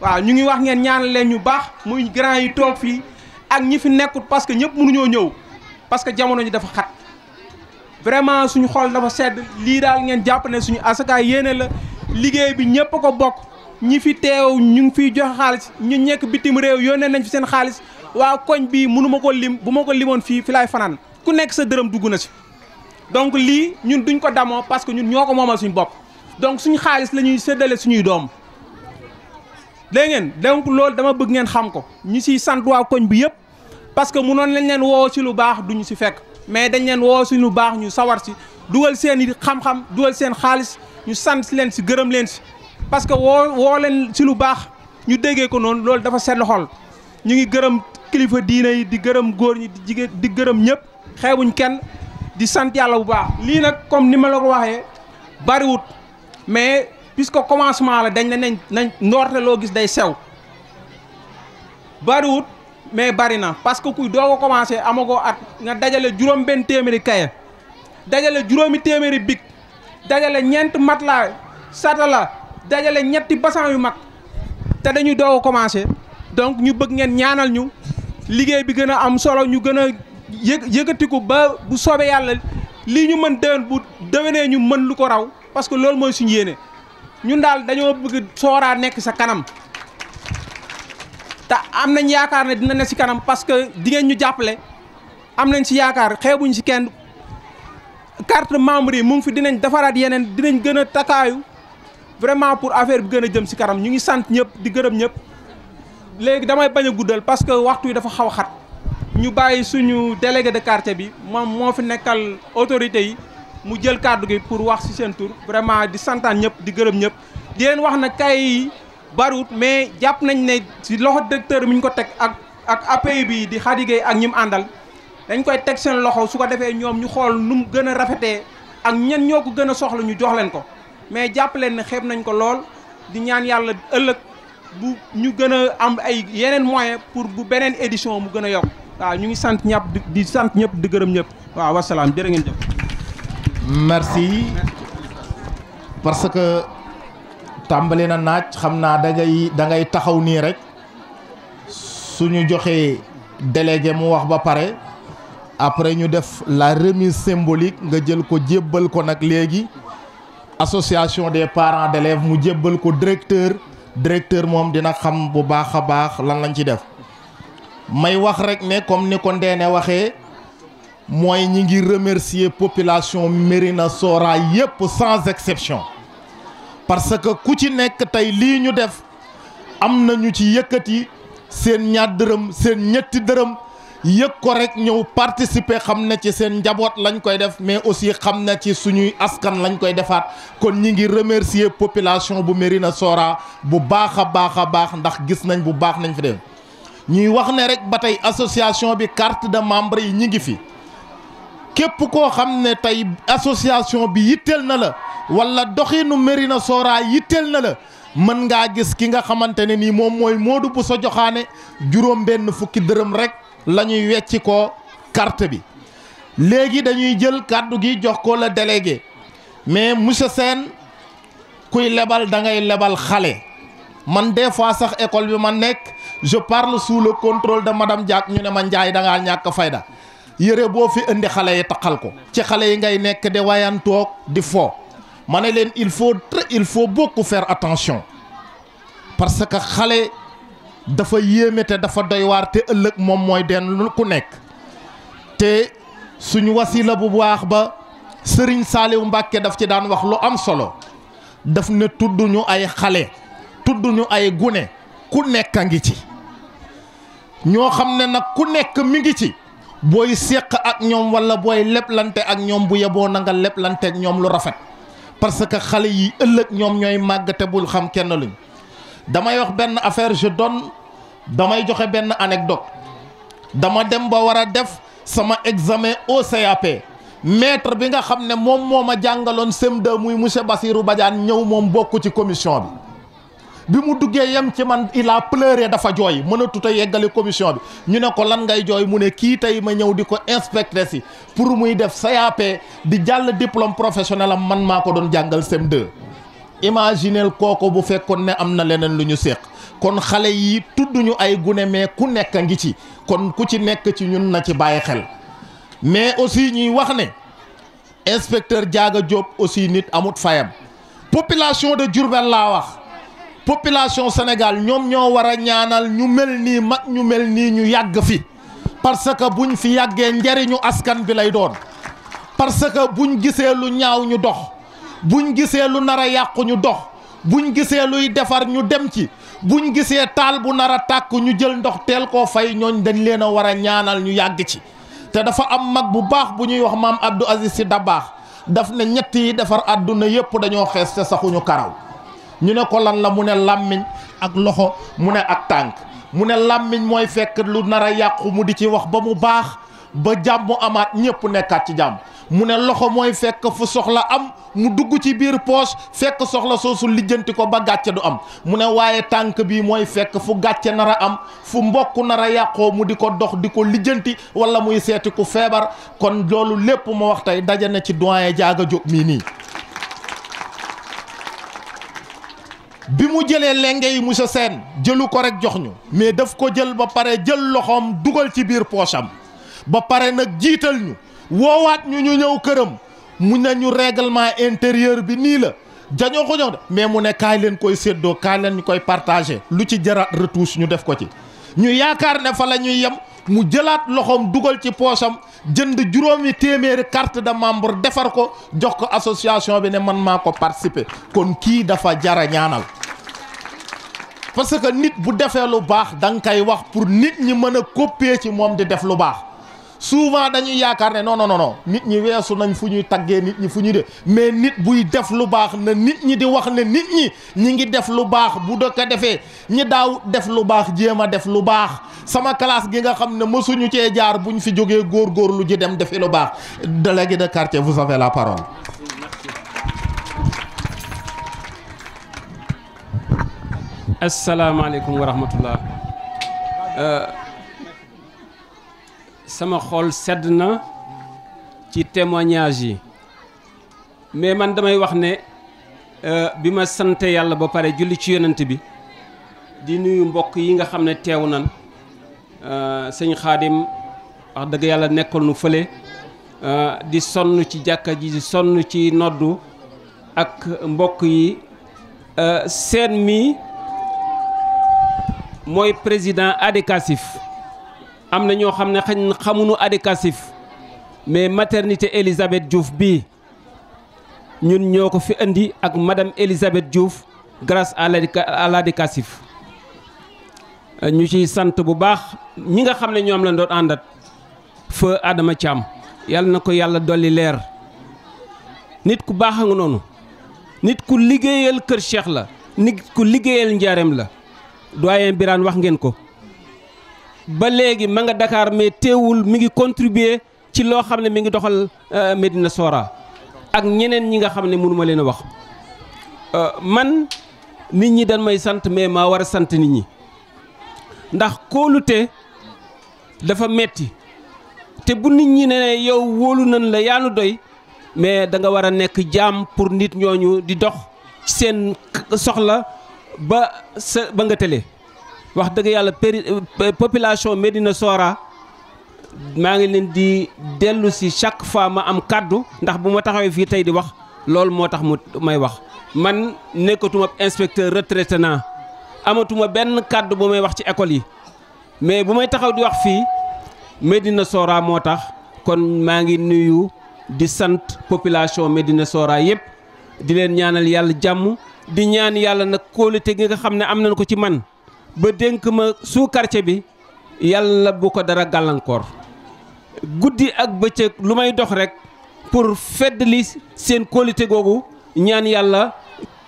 waaw ñu ngi wax ngeen ñaanal leen ñu baax muy grand yi toog fii ak ñi fi nekkut parce que ñëpp mënuñoo ñëw parce que jamono ji dafa xat vraiment suñu xol dafa sedd lii daal ngeen jàppale suñu asakaay yéene la liggéey bi ñëpp ko bokk ñi fi teew ñu ngi fi jox xaaliss ñu ñek bitim rew yónnee nañ fi seen xaaliss wa koñ bi mënuma ko lim bu limon ko fi lay fanan ku nek sa deureum duguna ci si donc li ñun duñ ko damo parce que ñun ñoko momal suñ bop donc suñ xaaliss lañuy sédalé suñuy dom dégg ngeen donc lool dama bëgg ngeen xam ko ñi ci sant wa koñ bi yépp parce que mënon lañ leen wo ci lu baax duñ ci fekk mais dañ leen wo si lu baax ñu sawar ci duwal seen xam-xam duwal seen xaaliss ñu sant leen ci gëreum leen ci parce que woo woo leen ci lu baax ñu déggee ko noonu loolu dafa seen xol ñu ngi gërëm kilifa diina yi di gërëm góor ñi di jigéen di gërëm ñëpp xeebuñ kenn di sant yàlla bu baax lii nag comme ni ma la ko waxee bariwut mais puisque commencement la dañ ne nañ nañ ndoorte loo gis day sew bariwut mais bari na parce que kuy doog a commencé amagoo at nga dajale juróom benn téeméeri kaye dajale juróomi téeméeri big dajale ñeent matelas satala dajale ñetti bassin yu mag te dañu doog a commencé donc ñu bëgg ngeen ñaanal ñu liggéey bi gën a am solo ñu gën a yëg yëkkatiku ba bu soobee yàlla lii ñu mën déwén bu déwénee ñu mën lu ko raw parce que loolu mooy suñu yéene ñun daal dañoo bëgg sooraa nekk sa kanam te am nañ yaakaar ne dina ne si kanam parce que di ngeen ñu jàppale am nañ si yaakaar xeebuñ si kenn carte membre yi mu ngi fi dinañ defaraat yeneen dinañ gën a takaayu. vraiment pour affaire bi gën a jëm si kanam ñu ngi sant ñëpp di gërëm ñëpp léegi damay bañ a guddal parce que waxtu yi dafa xaw xat ñu bàyyi suñu délégué de quartier bi moom moo fi nekkal autorité yi mu jël kàddu gi pour wax si seen tur vraiment di santaan ñëpp di gërëm ñëpp di leen wax na kay yi bariwut mais jàpp nañ ne si loxo directeur mi ñu ko teg ak ak API bi di xadigéey ak ñi mu àndal dañ koy teg seen loxo su ko defee ñoom ñu xool nu mu gën a rafetee ak ñen ñoo ko gën a soxla ñu jox leen ko mais jàpp leen ne xeeb nañ ko lool di ñaan yàlla ëllëg bu ñu gën a am ay yeneen moyen pour bu beneen édition mu gën a yokk waaw ñu ngi sant ñàpp di sant ñëpp di gërëm ñëpp waaw wasalaam jërë ngeen jëf merci parce que tàmbali na naaj xam naa da ngay taxaw nii rek suñu joxee délégué mu wax ba pare après ñu def la remise symbolique nga jël ko jébbal ko nag léegi association des parents d'élèves mu jébbal ko directeur directeur moom dina xam bu baax a baax lan lañ ci def may wax rek ne comme ni ko Ndeene waxee mooy ñi ngi remercier population Mérina Sorah yépp sans exception parce que ku ci nekk tey lii ñu def am na ñu ci yëkkati seen ñaar dërëm seen ñetti dërëm yëg ko rek ñëw participer xam na ci seen njaboot lañ koy def mais aussi xam ne ci suñuy askan lañ koy defaat kon ñi ngi remercier population bu Mérina Sora bu baax a baax a baax ndax gis nañ bu baax nañ fi dem ñuy wax ne rek ba tey association bi carte de membre yi ñi ngi fi képp koo xam ne tey association bi yitteel na la wala doxinu Mérina Sora yitteel na la mën ngaa gis ki nga xamante ne nii moom mooy moo Modou Bousso Diokhane juróom benn fukki dërëm rek la ñuy wecci ko carte bi léegi dañuy jël kàddu gi jox ko la délégué mais monsieur Sène kuy lebal da ngay lebal xale man des fois sax école bi ma nekk je parle sous le contrôle de madame Diak ñu ne ma Njaay da ngaa ñàkk fayda yére boo fi indi xale yi taxal ko ci xale yi ngay nekk di wayantoog di fo ma ne leen il faut il faut beaucoup faire attention parce que xale dafa yéeme te dafa doy waar te ëllëg moom mooy denn ku nekk te suñu wasila bu baax ba sëriñ Saaliw Mbàkke daf ci daan wax lu am solo daf ne tudduñu ay xale tudduñu ay gune ku nekk a ngi ci ñoo xam ne nag ku nekk mi ngi ci booy séq ak ñoom walla booy leblante ak ñoom bu yeboo na nga leblante ak ñoom lu rafet parce que xale yi ëllëg ñoom ñooy màgg te bul xam kenn luñ damay wax benn affaire je donne damay joxe benn anecdote dama dem ba war a def sama examen au CAP maître bi nga xam ne moom moo ma jàngaloon sem 2 muy monsieur Bassirou Badiane ñëw moom bokku ci commission bi. bi mu duggee yem ci man il a pleuré dafa jooy mënatut a yeggali commission bi ñu ne ko lan ngay jooy mu ne kii tey ma ñëw di ko inspecté si pour muy def CAP di jàll diplôme professionnel am man maa ko doon jàngal CM2. imagineel kooko bu fekkoon ne am na leneen lu ñu séq kon xale yi tudd ñu ay gune mais ku nekk a ngi ci kon ku ci nekk ci ñun na ci bàyyi xel mais aussi ñuy wax ne inspecteur Diaga Diop aussi nit amut fayam population de Diourbel laa wax population Sénégal ñoom ñoo war a ñaanal ñu mel nii mag ñu mel nii ñu yàgg fi parce que buñ fi yàggee njariñu askan bi lay doon parce que buñ gisee lu ñaaw ñu dox buñ gisee lu nar a yàqu ñu dox buñ gisee luy defar ñu dem ci buñ gisee taal bu nar a tàkk ñu jël ndox teel koo fay ñooñ dañ leen a war a ñaanal ñu yàgg ci te dafa am mag bu baax bu ñuy wax maam Abdou Aziz Sy Dabakh daf ne ñett yi defar àdduna yépp dañoo xees te saxuñu karaw ñu ne ko lan la mu ne làmmiñ ak loxo mu ne ak tànk mu ne làmmiñ mooy fekk lu nar a yàqu mu di ci wax ba mu baax ba jàmm amaat ñépp nekkaat ci jàmm mu ne loxo mooy fekk fu soxla am mu dugg ci biir poos fekk soxla soosu lijjanti ko ba gàcce du am mu ne waaye tànk bi mooy fekk fu gàcce nar a am fu mbokk nar a yàqoo mu di ko dox di ko lijjanti wala muy seeti ku feebar kon loolu lépp ma wax tey daje na ci doyen Diaga jóg mii nii bi mu jëlee lenge yi monsieur Sène jëlu ko rek jox ñu mais daf ko jël ba pare jël loxoom dugal ci biir poosam ba pare nag jiital ñu woowaat ñu ñu ñëw këram mu nañu règlement intérieur bi nii la jañoo ko jox mais mu ne kaay leen koy séddoo kaay leen ñu koy partagé lu ci jara retouche ñu def ko ci ñu yaakaar ne fa la ñuy yem mu jëlaat loxoom dugal ci poosam jënd juróomi téeméeri carte de membre defar ko jox ko association bi ne man maa ko participer kon kii dafa jara ñaanal parce que nit bu defee lu baax da koy wax pour nit ñi mën a copier ci moom di def lu baax souvent dañuy yakarne non non non nit ñi de nañ fuñuy taggé nit ñi de mais nit buy def lu baax na nit ñi di wax ne nit ñi ñi ngi def lu baax bu ñi classe gi nga mësuñu ci jaar buñ fi gor lu ji dem défé lu délégué de quartier vous avez la parole. de wa rahmatullah. Euh, sama xol très ci témoignage mais man damay wax ne euh bima sante yalla ba pare julli ci yonent bi di nuyu mbokk yi nga un euh khadim wax nu euh, di ci ji di ci noddu ak yi euh, mi président am na ñoo xam ne xañ na xamuñu adécatif mais maternité Elisabeth Diouf bii ñun ñoo ko fi indi ak madam Elisabeth Diouf grâce à ñu ciy sant bu baax ñi nga xam ne ñoom lañ doon àndat feu Adama Thiam yàlla na ko yàlla dolli leer nit ku baax nga noonu nit ku liggéeyal kër Cheikh la nit ku liggéeyal njaareem la doyen Birane wax ngeen ko ba léegi ma nga dakaar mais teewul mi ngi contribuer ci loo xam ne mi ngi doxal euh, Medina Sora ak ñeneen ñi nga xam ne mënuma leen a wax euh, man nit ñi dañ may sant mais maa war a sant nit ñi ndax kóolute dafa metti te bu nit ñi ne yow wóolu nañ la yaanu doy mais da nga war a nekk jaam pour nit ñooñu di dox seen soxla ba sa ba nga tële wax dëgg yàlla péri euh, population Médina Sora maa ngi leen di dellu si chaque fois ma am kàddu ndax bu ma taxawee fii tey di wax loolu moo tax mu may wax man nekkatuma inspecteur retraité naa amatuma benn kàddu bu may wax ci école yi mais bu may taxaw di wax fii Médina Sora moo tax kon maa ngi nuyu di sant population Médina Sora yëpp di leen ñaanal yàlla jàmm di ñaan yàlla nag kóolute gi nga xam ne am nañ ko ci man ba dénk ma sous quartier bi yàlla bu ko dara gàllankoor guddi ak bëccëg lu may dox rek pour fedd li seen kóolite googu ñaan yàlla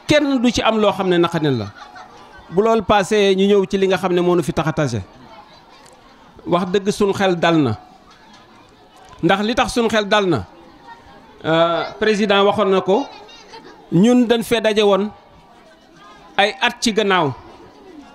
kenn du ci am loo xam ne naqane la bu loolu paasee ñu ñëw ci li nga xam ne moo nu fi tax a tase wax dëgg suñ xel dal na ndax li tax suñ xel dal na euh, président waxoon na ko ñun dañ fee daje woon ay at ci gannaaw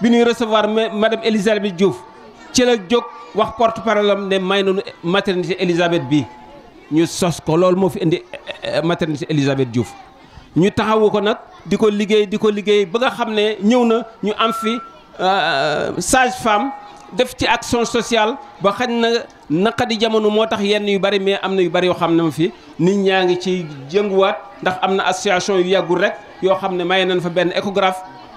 bi recevoir madame elizabeth Diouf ci la jóg wax porte parole ne maternité Elisabeth bi ñu sos ko loolu mo fi indi eh, eh, eh, maternité Elisabeth Diouf ñu taxaw ko nak diko ko liggéey di liggéey ba nga xamné ñewna ñu am fi euh, sage femme def ci action sociale ba na naqadi jamono motax yenn yu bari mais amna yu bari yo xam ne fi nit ñaa ci jëngu wat ndax amna na association yu yagul rek yo xam mayenañ fa ben échographe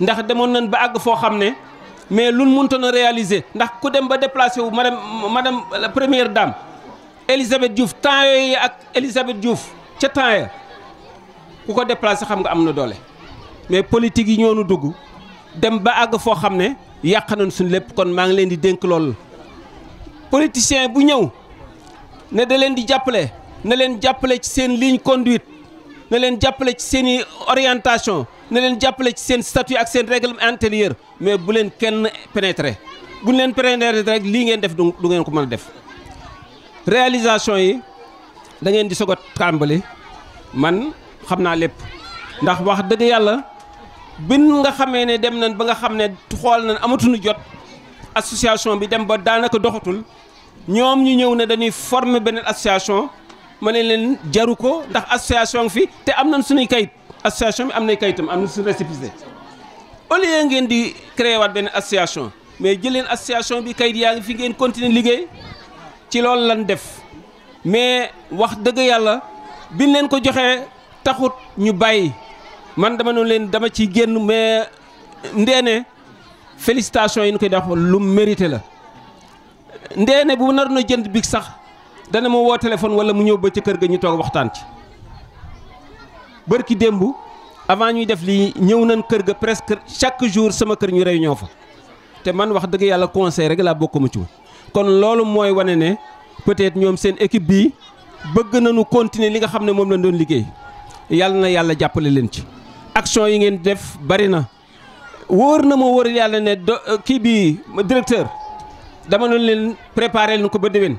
ndax demoon nañ ba de mais luñ réaliser ndax ku dem madame la première dame Elisabeth Diouf Elisabeth Diouf ci ku ko déplacer xam nga amna doole mais politique yi politiciens, dem ne nañ kon ngi leen di bu ne da leen di leen ci ligne conduite na orientation na jàppale ci seen statut ak seen règlement intérieur mais bu leen kenn pénétrer bu ñu leen pénétrer rek lii ngeen def du ngeen ko mën a def réalisation yi dangeen di soog a tàmbali man xam naa lépp ndax wax dëgg yàlla bi nga xamee ne dem nan ba nga xam ne xool nañ amatuñu jot association bi dem ba daanaka doxatul ñoom ñu ñëw ne dañuy former beneen association ma ne leen jaru ko ndax association fi te am nañ suñuy kayit association bi am nay kayitam am na suñu récépissé au lieu ngeen di créé waat benn association mais jël leen association bi kayit yaa ngi fi ngeen continuer liggéey ci loolu lan def mais wax dëgg yàlla bi leen ko joxee taxut ñu bàyyi man dama noonu leen dama ci génn mais ndeene félicitations yi ñu koy def lu mérité la ndeene bu naroon na jënd big sax dana ma woo téléphone wala mu ñëw ba ca kër ga ñu toog waxtaan ci bër ki démb avant ñuy def lii ñëw nañ kër ga presque chaque jour sama kër ñu réunion fa te man wax dëgg yàlla conseil rek laa bokk mu ci kon loolu mooy wane ne peut-être ñoom seen équipe bii bëgg nañu continuer li nga xam ne moom lañ doon liggéey yàlla na yàlla jàppale leen ci. action yi ngeen def bari na wóor na ma wóor yàlla ne do euh, kii bii directeur dama doon leen préparer leen ko ba déwén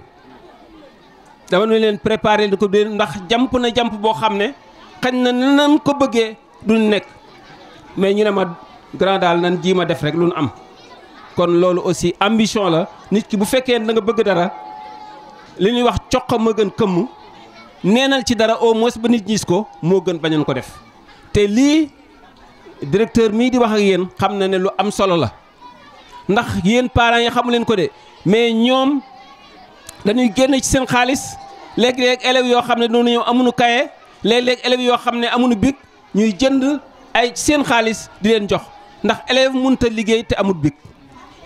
dama doon leen préparer leen ko ba déwén ndax jàmp na jàmp boo xam ne. xañ na nan ko beugé du nek mais ñu ne ma grand dal nan jima def rek lu am kon lolu aussi ambition la nit ki bu fekké da nga bëgg dara li ñuy wax coqa ma gën këm neenal ci dara au moins ba nit gis ko mo gën ko def té li directeur mi di wax ak yeen xam na lu am solo la ndax yeen parents yi xamulén ko de mais ñom dañuy génn ci seen xaalis léegi-léeg élèves yo xamné ne ñu amunu amuñu léeg-léeg élèves yoo xam ne amuñu bic ñuy jënd ay seen xaalis di leen jox ndax élève mënut a liggéey te amul bic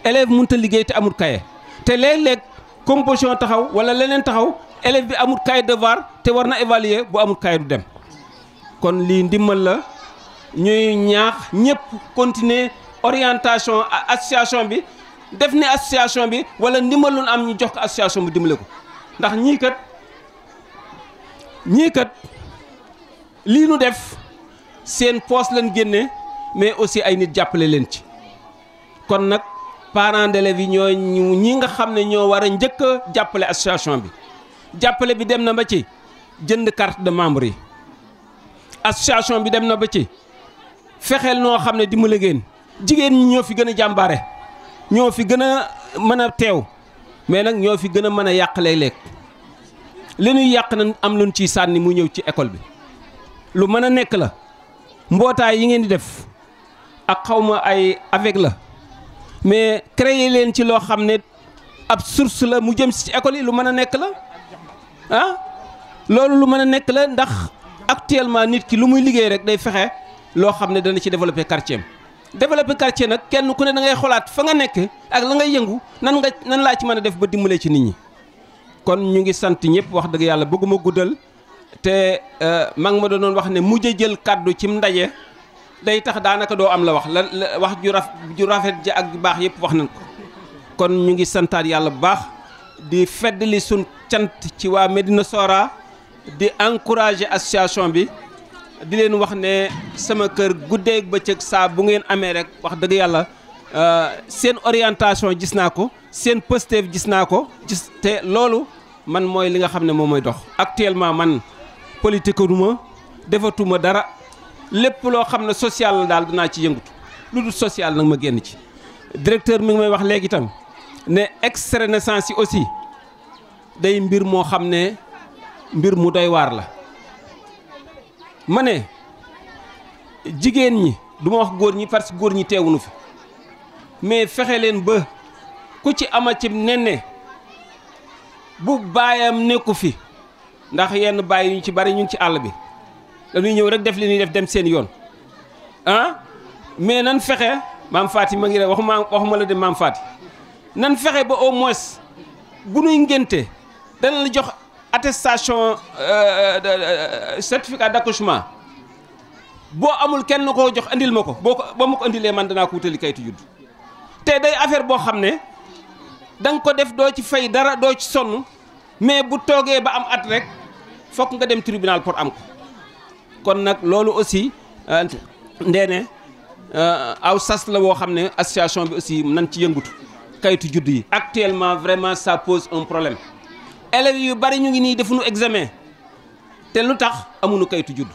élève mënut a liggéey te amul cahier te léeg-léeg composition taxaw wala leneen taxaw élève bi amul cahier devoir te war na évaluer bu amul cahier du dem kon lii ndimbal la ñuy ñaax ñëpp continuer orientation association bi def ne association bi wala ndimbalun am ñu jox ko association bi dimbale ko ndax ñii kat ñii kat. lii nu def seen poos lañ génne mais aussi ay nit jàppale leen ci kon nag parents d'élèves yi ñoo ñi nga xam ne ñoo war a njëkk a jàppale association bi jàppale bi dem na ba ci jënd carte de membre yi association bi dem na ba ci fexeel noo xam ne di mu liggéen jigéen ñi ñoo fi gën a jàmbaare ñoo fi gën a mën a teew mais nag ñoo fi gën a mën a yàq lekk léeg yàq na am luñ ciy sànni mu ñëw ci école bi lu mën a nekk la mbootaay yi ngeen di def ak xawma ay avec la mais créer leen ci loo xam ne ab source la mu jëm ci école yi lu mën a nekk la ah loolu lu mën a nekk la ndax actuellement nit ki lu muy liggéey rek day fexe loo xam ne dana ci développer quartier am développer quartier nag kenn ku ne dangay ngay xolaat fa nga nekk ak la ngay yëngu nan nga nan laa ci mën a def ba dimbalee ci nit ñi kon ñu ngi sant ñëpp wax dëgg yàlla bëgguma guddal te euh, ma ngi ma doonoon wax ne mujj jël kàddu cim ndaje day tax daanaka doo am la wax la wax ju raf ju rafet ji ak ju baax yëpp wax nañ ko kon ñu ngi santaat yàlla bu baax di feddali sun cant ci waa Médina Sora di encourager association bi di leen wax ne sama kër guddeeg bëccëg saa bu ngeen amee rek wax dëgg yàlla euh, seen orientation gis naa ko seen positif gis naa ko gis te loolu man mooy li nga xam ne moom mooy dox actuellement man politiqueruma defatuma dara lépp loo xam ne social daal danaa ci yëngutu lu dul social nag ma génn ci directeur mi ngi may wax léegi itam ne ex-Renaissance yi aussi day mbir moo xam ne mbir mu day waar la ma ne jigéen ñi duma wax góor ñi parce góor ñi teewuñu fi mais fexe leen ba ku ci ama ci nenne bu baayam nekku fi ndax yenn bàyyi ñu ci bari ñu ngi ci àll bi dañuy ñëw rek def li ñuy def dem seen yoon ah mais nan fexe maam faati ma ngi rek waxuma waxuma la de maam faati nan fexe ba au moins bu nuy ngénte dana la jox attestation euh, euh, certificat d'accouchement boo amul kenn koo jox andil ma ko boo ko ba mu ko andilee man danaa ko wutali kayitu judd te day affaire boo xam ne danga ko def doo ci fay dara doo ci sonn mais bu toogee ba am at rek fokk nga dem tribunal pour am ko kon nak lolu aussi euh, ndene euh aw sas la woo xam association bi aussi nan ci yëngutu kayitu judd yi actuellement vraiment ça pose un problème élèves yu bari ñu ngi ni defu ñu examen té lu tax ñu kayitu judd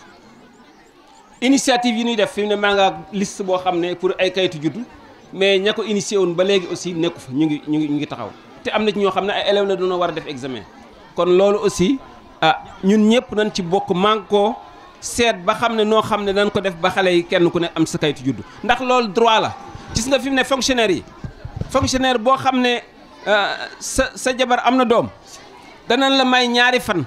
initiative yi ñuy def fi mu ne maa liste bo xam pour ay kayitu judd mais ñako initier won ba légui aussi neeku fa ñu ngi ñu ngi taxaw té amna ci ño xam ay élève la do war wara def examen kon lolu aussi a ah, ñun ñëpp nañ ci bokk mànkoo seet ba xam ne noo xam ne dañ ko def ba xale yi kenn ku ne am sa kayitu juddu ndax loolu droit la gis nga fi mu ne fonctionnaire yi fonctionnaire boo xam ne ah, sa sa jabar am na doom danañ la may ñaari fan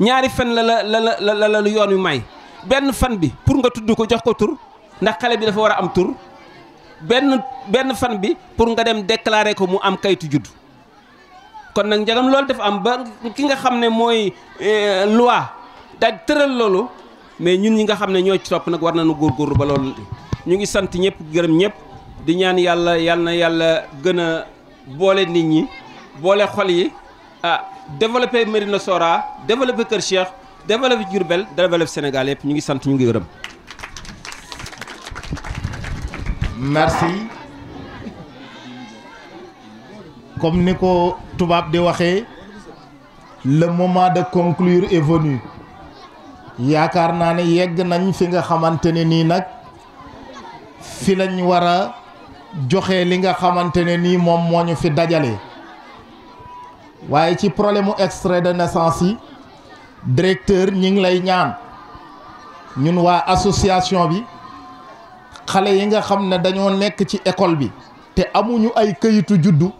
ñaari fan la la la la la lu yoon wi may benn fan bi pour nga tudd ko jox ko tur ndax xale bi dafa war a am tur benn benn fan bi pour nga dem déclarer ko mu am kayitu juddu kon nag njagam loolu dafa am ba ki nga xam ne mooy eh, loi daal tëral loolu mais ñun ñi nga xam ne ñoo ci topp nag war na nañu góorgóorlu ba loolu ñu ngi sant ñëpp gërëm ñëpp di ñaan yàlla yal na yàlla gën a boole nit ñi boole xol yi ah développé Mérina Sorah développé Kër Cheikh développé jurbel développé Sénégal yëpp ñu ngi sant ñu ngi gërëm comme ni ko tubaab di waxee le moment de conclure est venu yaakaar naa ne yegg nañ fi nga xamante ne nii nag fi lañ war a joxe li nga xamante ne nii moom moo ñu fi dajale waaye ci problème mu extrait de naissance yi directeur ñi ngi lay ñaan ñun waa association bi xale yi nga xam ne dañoo nekk ci école bi te amuñu ay këyitu juddu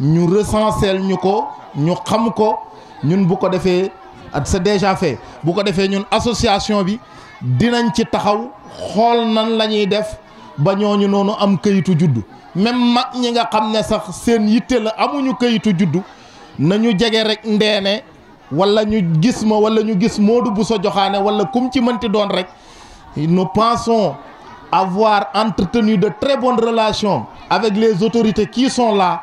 ñu recensel ñu ko ñu xam ko ñun bu ko defee ak c'est déjà fait bu ko ñun association bi dinañ ci taxaw xol nan la def ba ñooñu nonu am këyitu judd même mag ñi nga se sax seen yitte la amuñu këyitu judd nañu jege rek ndéné wala ñu gis ma wala ñu gis Modou so Diokhane wala kum ci mënti doon rek nous pensons avoir entretenu de très bonnes relations avec les autorités qui sont là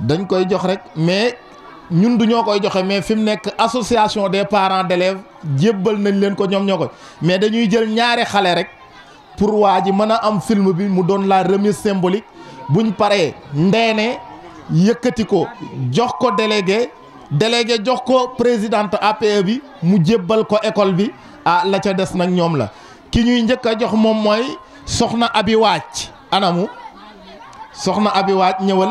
dañ koy jox rek mais ñun duñoo koy joxe mais fi mu nekk association des parents d'élèves jébbal nañ leen ko ñoom ñoo koy mais dañuy jël ñaari xale rek pour waa ji mën a am film bi mu doon la remise symbolique buñ paree ndeene yëkkati ko jox ko délégué délégué jox ko présidente APE bi mu jébbal ko école bi ah la ca des nag ñoom la ki ñuy njëkk a jox moom mooy soxna abi waaj anamu soxna abi waaj ñëwal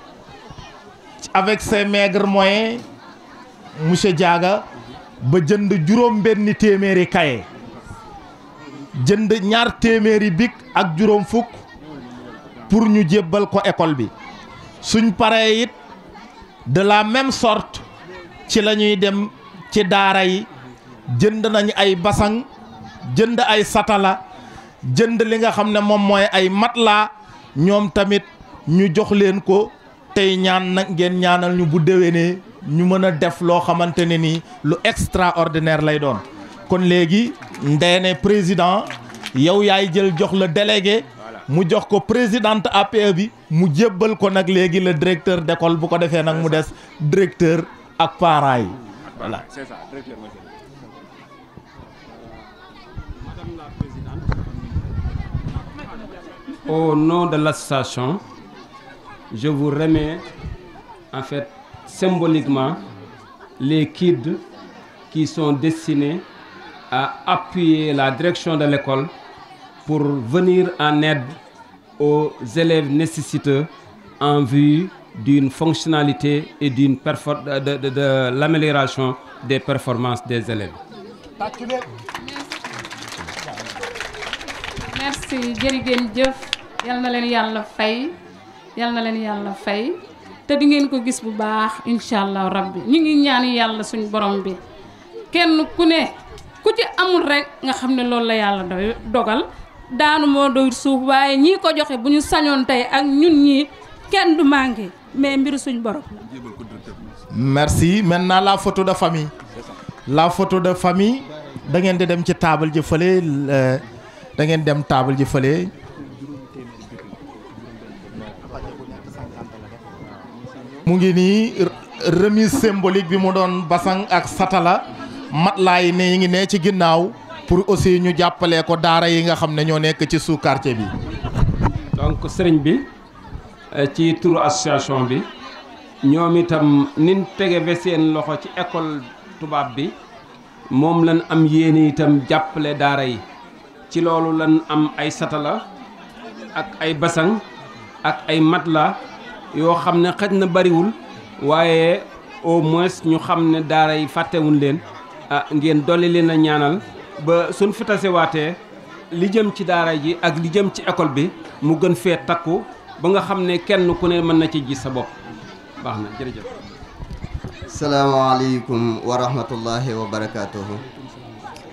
avec ses maigres moyens monsieur Diaga ba jënd juróom benni téeméeri kaye jënd ñaar téeméeri bic ak juróom fukk pour ñu jébbal ko école bi suñ paree it de la même sorte ci la ñuy dem ci daara yi jënd nañ ay basang jënd ay satala jënd li nga xam ne moom mooy ay matelas ñoom tamit ñu jox leen ko tey ñaan nag ngeen ñaanal ñu bu déwénee ñu mën a def loo xamante ne nii lu extraordinaire lay doon kon léegi ndeene président yow yaay jël jox la délégué mu jox ko présidente APE bi mu jébbal ko nag léegi la directeur d'école bu ko defee nag mu des directeur ak parents yi voilà c'est ça directeur madame la présidente je vous remets en fait symboliquement les kids qui sont destinés à appuyer la direction de l'école pour venir en aide aux élèves nécessiteux en vue d'une fonctionnalité et d'une de, de, de, l'amélioration des performances des élèves. Merci Merci. yal na leen yàlla fay te di ngeen ko gis bu baax incha allah rabbi ñu ngi ñaan yàlla suñu borom bi kenn ku ne ku ci amul rek nga xam ne loolu la yàlla doy dogal daanu moo doy suuf waaye ñii ko joxe bu ñu sañoon tey ak ñun ñii kenn du manqué mais mbiru suñ borom merci maintenant la photo de famille la photo de famille da ngeen di dem ci taabal ji fële euh, da ngeen dem taabal ji fële mu ngi nii remise symbolique bi mu doon basang ak satala matelas yi ne yi ngi ne ci ginnaaw pour aussi ñu jàppale ko daara yi nga xam ne ñoo nekk ci sous quartier bi. donc sëriñ bi eh, ci turu association bi ñoom itam nin tegeve seen loxo ci école tubaab bi moom lan am yéene itam jàppale daara yi ci loolu lan am ay satala ak ay basang ak ay matelas. yoo xam ne xëj na bariwul waaye au moins ñu xam ne daara yi fàttewuñ leen ah ngeen dolli leen a ñaanal ba suñ fi tasewaatee li jëm ci daara ji ak li jëm ci école bi mu gën fee takku ba nga xam ne kenn ku ne mën na ci gis sa bopp baax na jërëjëf. salaamaaleykum wa rahmatullahi wa barakaatuhu.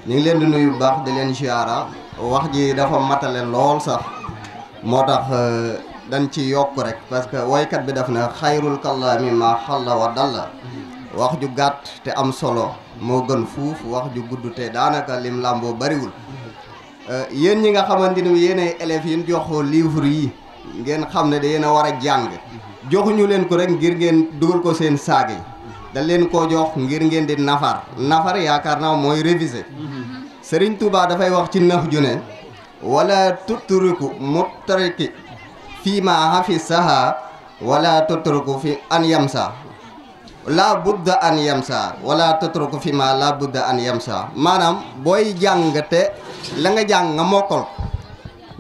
ñu ngi leen di nuyu baax di leen ziara wax ji dafa matale lool sax moo tax. Euh, dañ ci yokk rek parce que woykat bi daf na xayrul kàllaami ma xalla wa dalla wax ju gàtt te am solo moo gën fuuf wax ju gudd te daanaka lim làmboo bariwul euh, yéen ñi nga xamante ni yéenay élèves yi ñu livre yi ngeen xam ne da yéen a war a jàng joxuñu leen ko rek ngir ngeen dugal ko seen saag yi da leen koo jox ngir ngeen di nafar nafar yaakaar naa mooy réviser Serigne Touba dafay wax ci nax ju ne wala tuturiku muttariki fi ma hafisaha wala ko fi an yamsa la budda an yamsa wala tutruku fi ma la budda an yamsa maanaam booy jàng te la nga jàng nga mokkal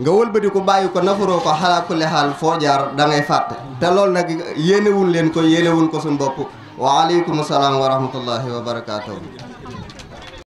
nga wëlbati ko bàyyi ko nafaroo ko xalaa kulli foo jaar da ngay fàtte te loolu nag yéenewul leen ko yéenewul ko suñu bopp wa aleykum salaam wa rahmatullahi wa barakaatu.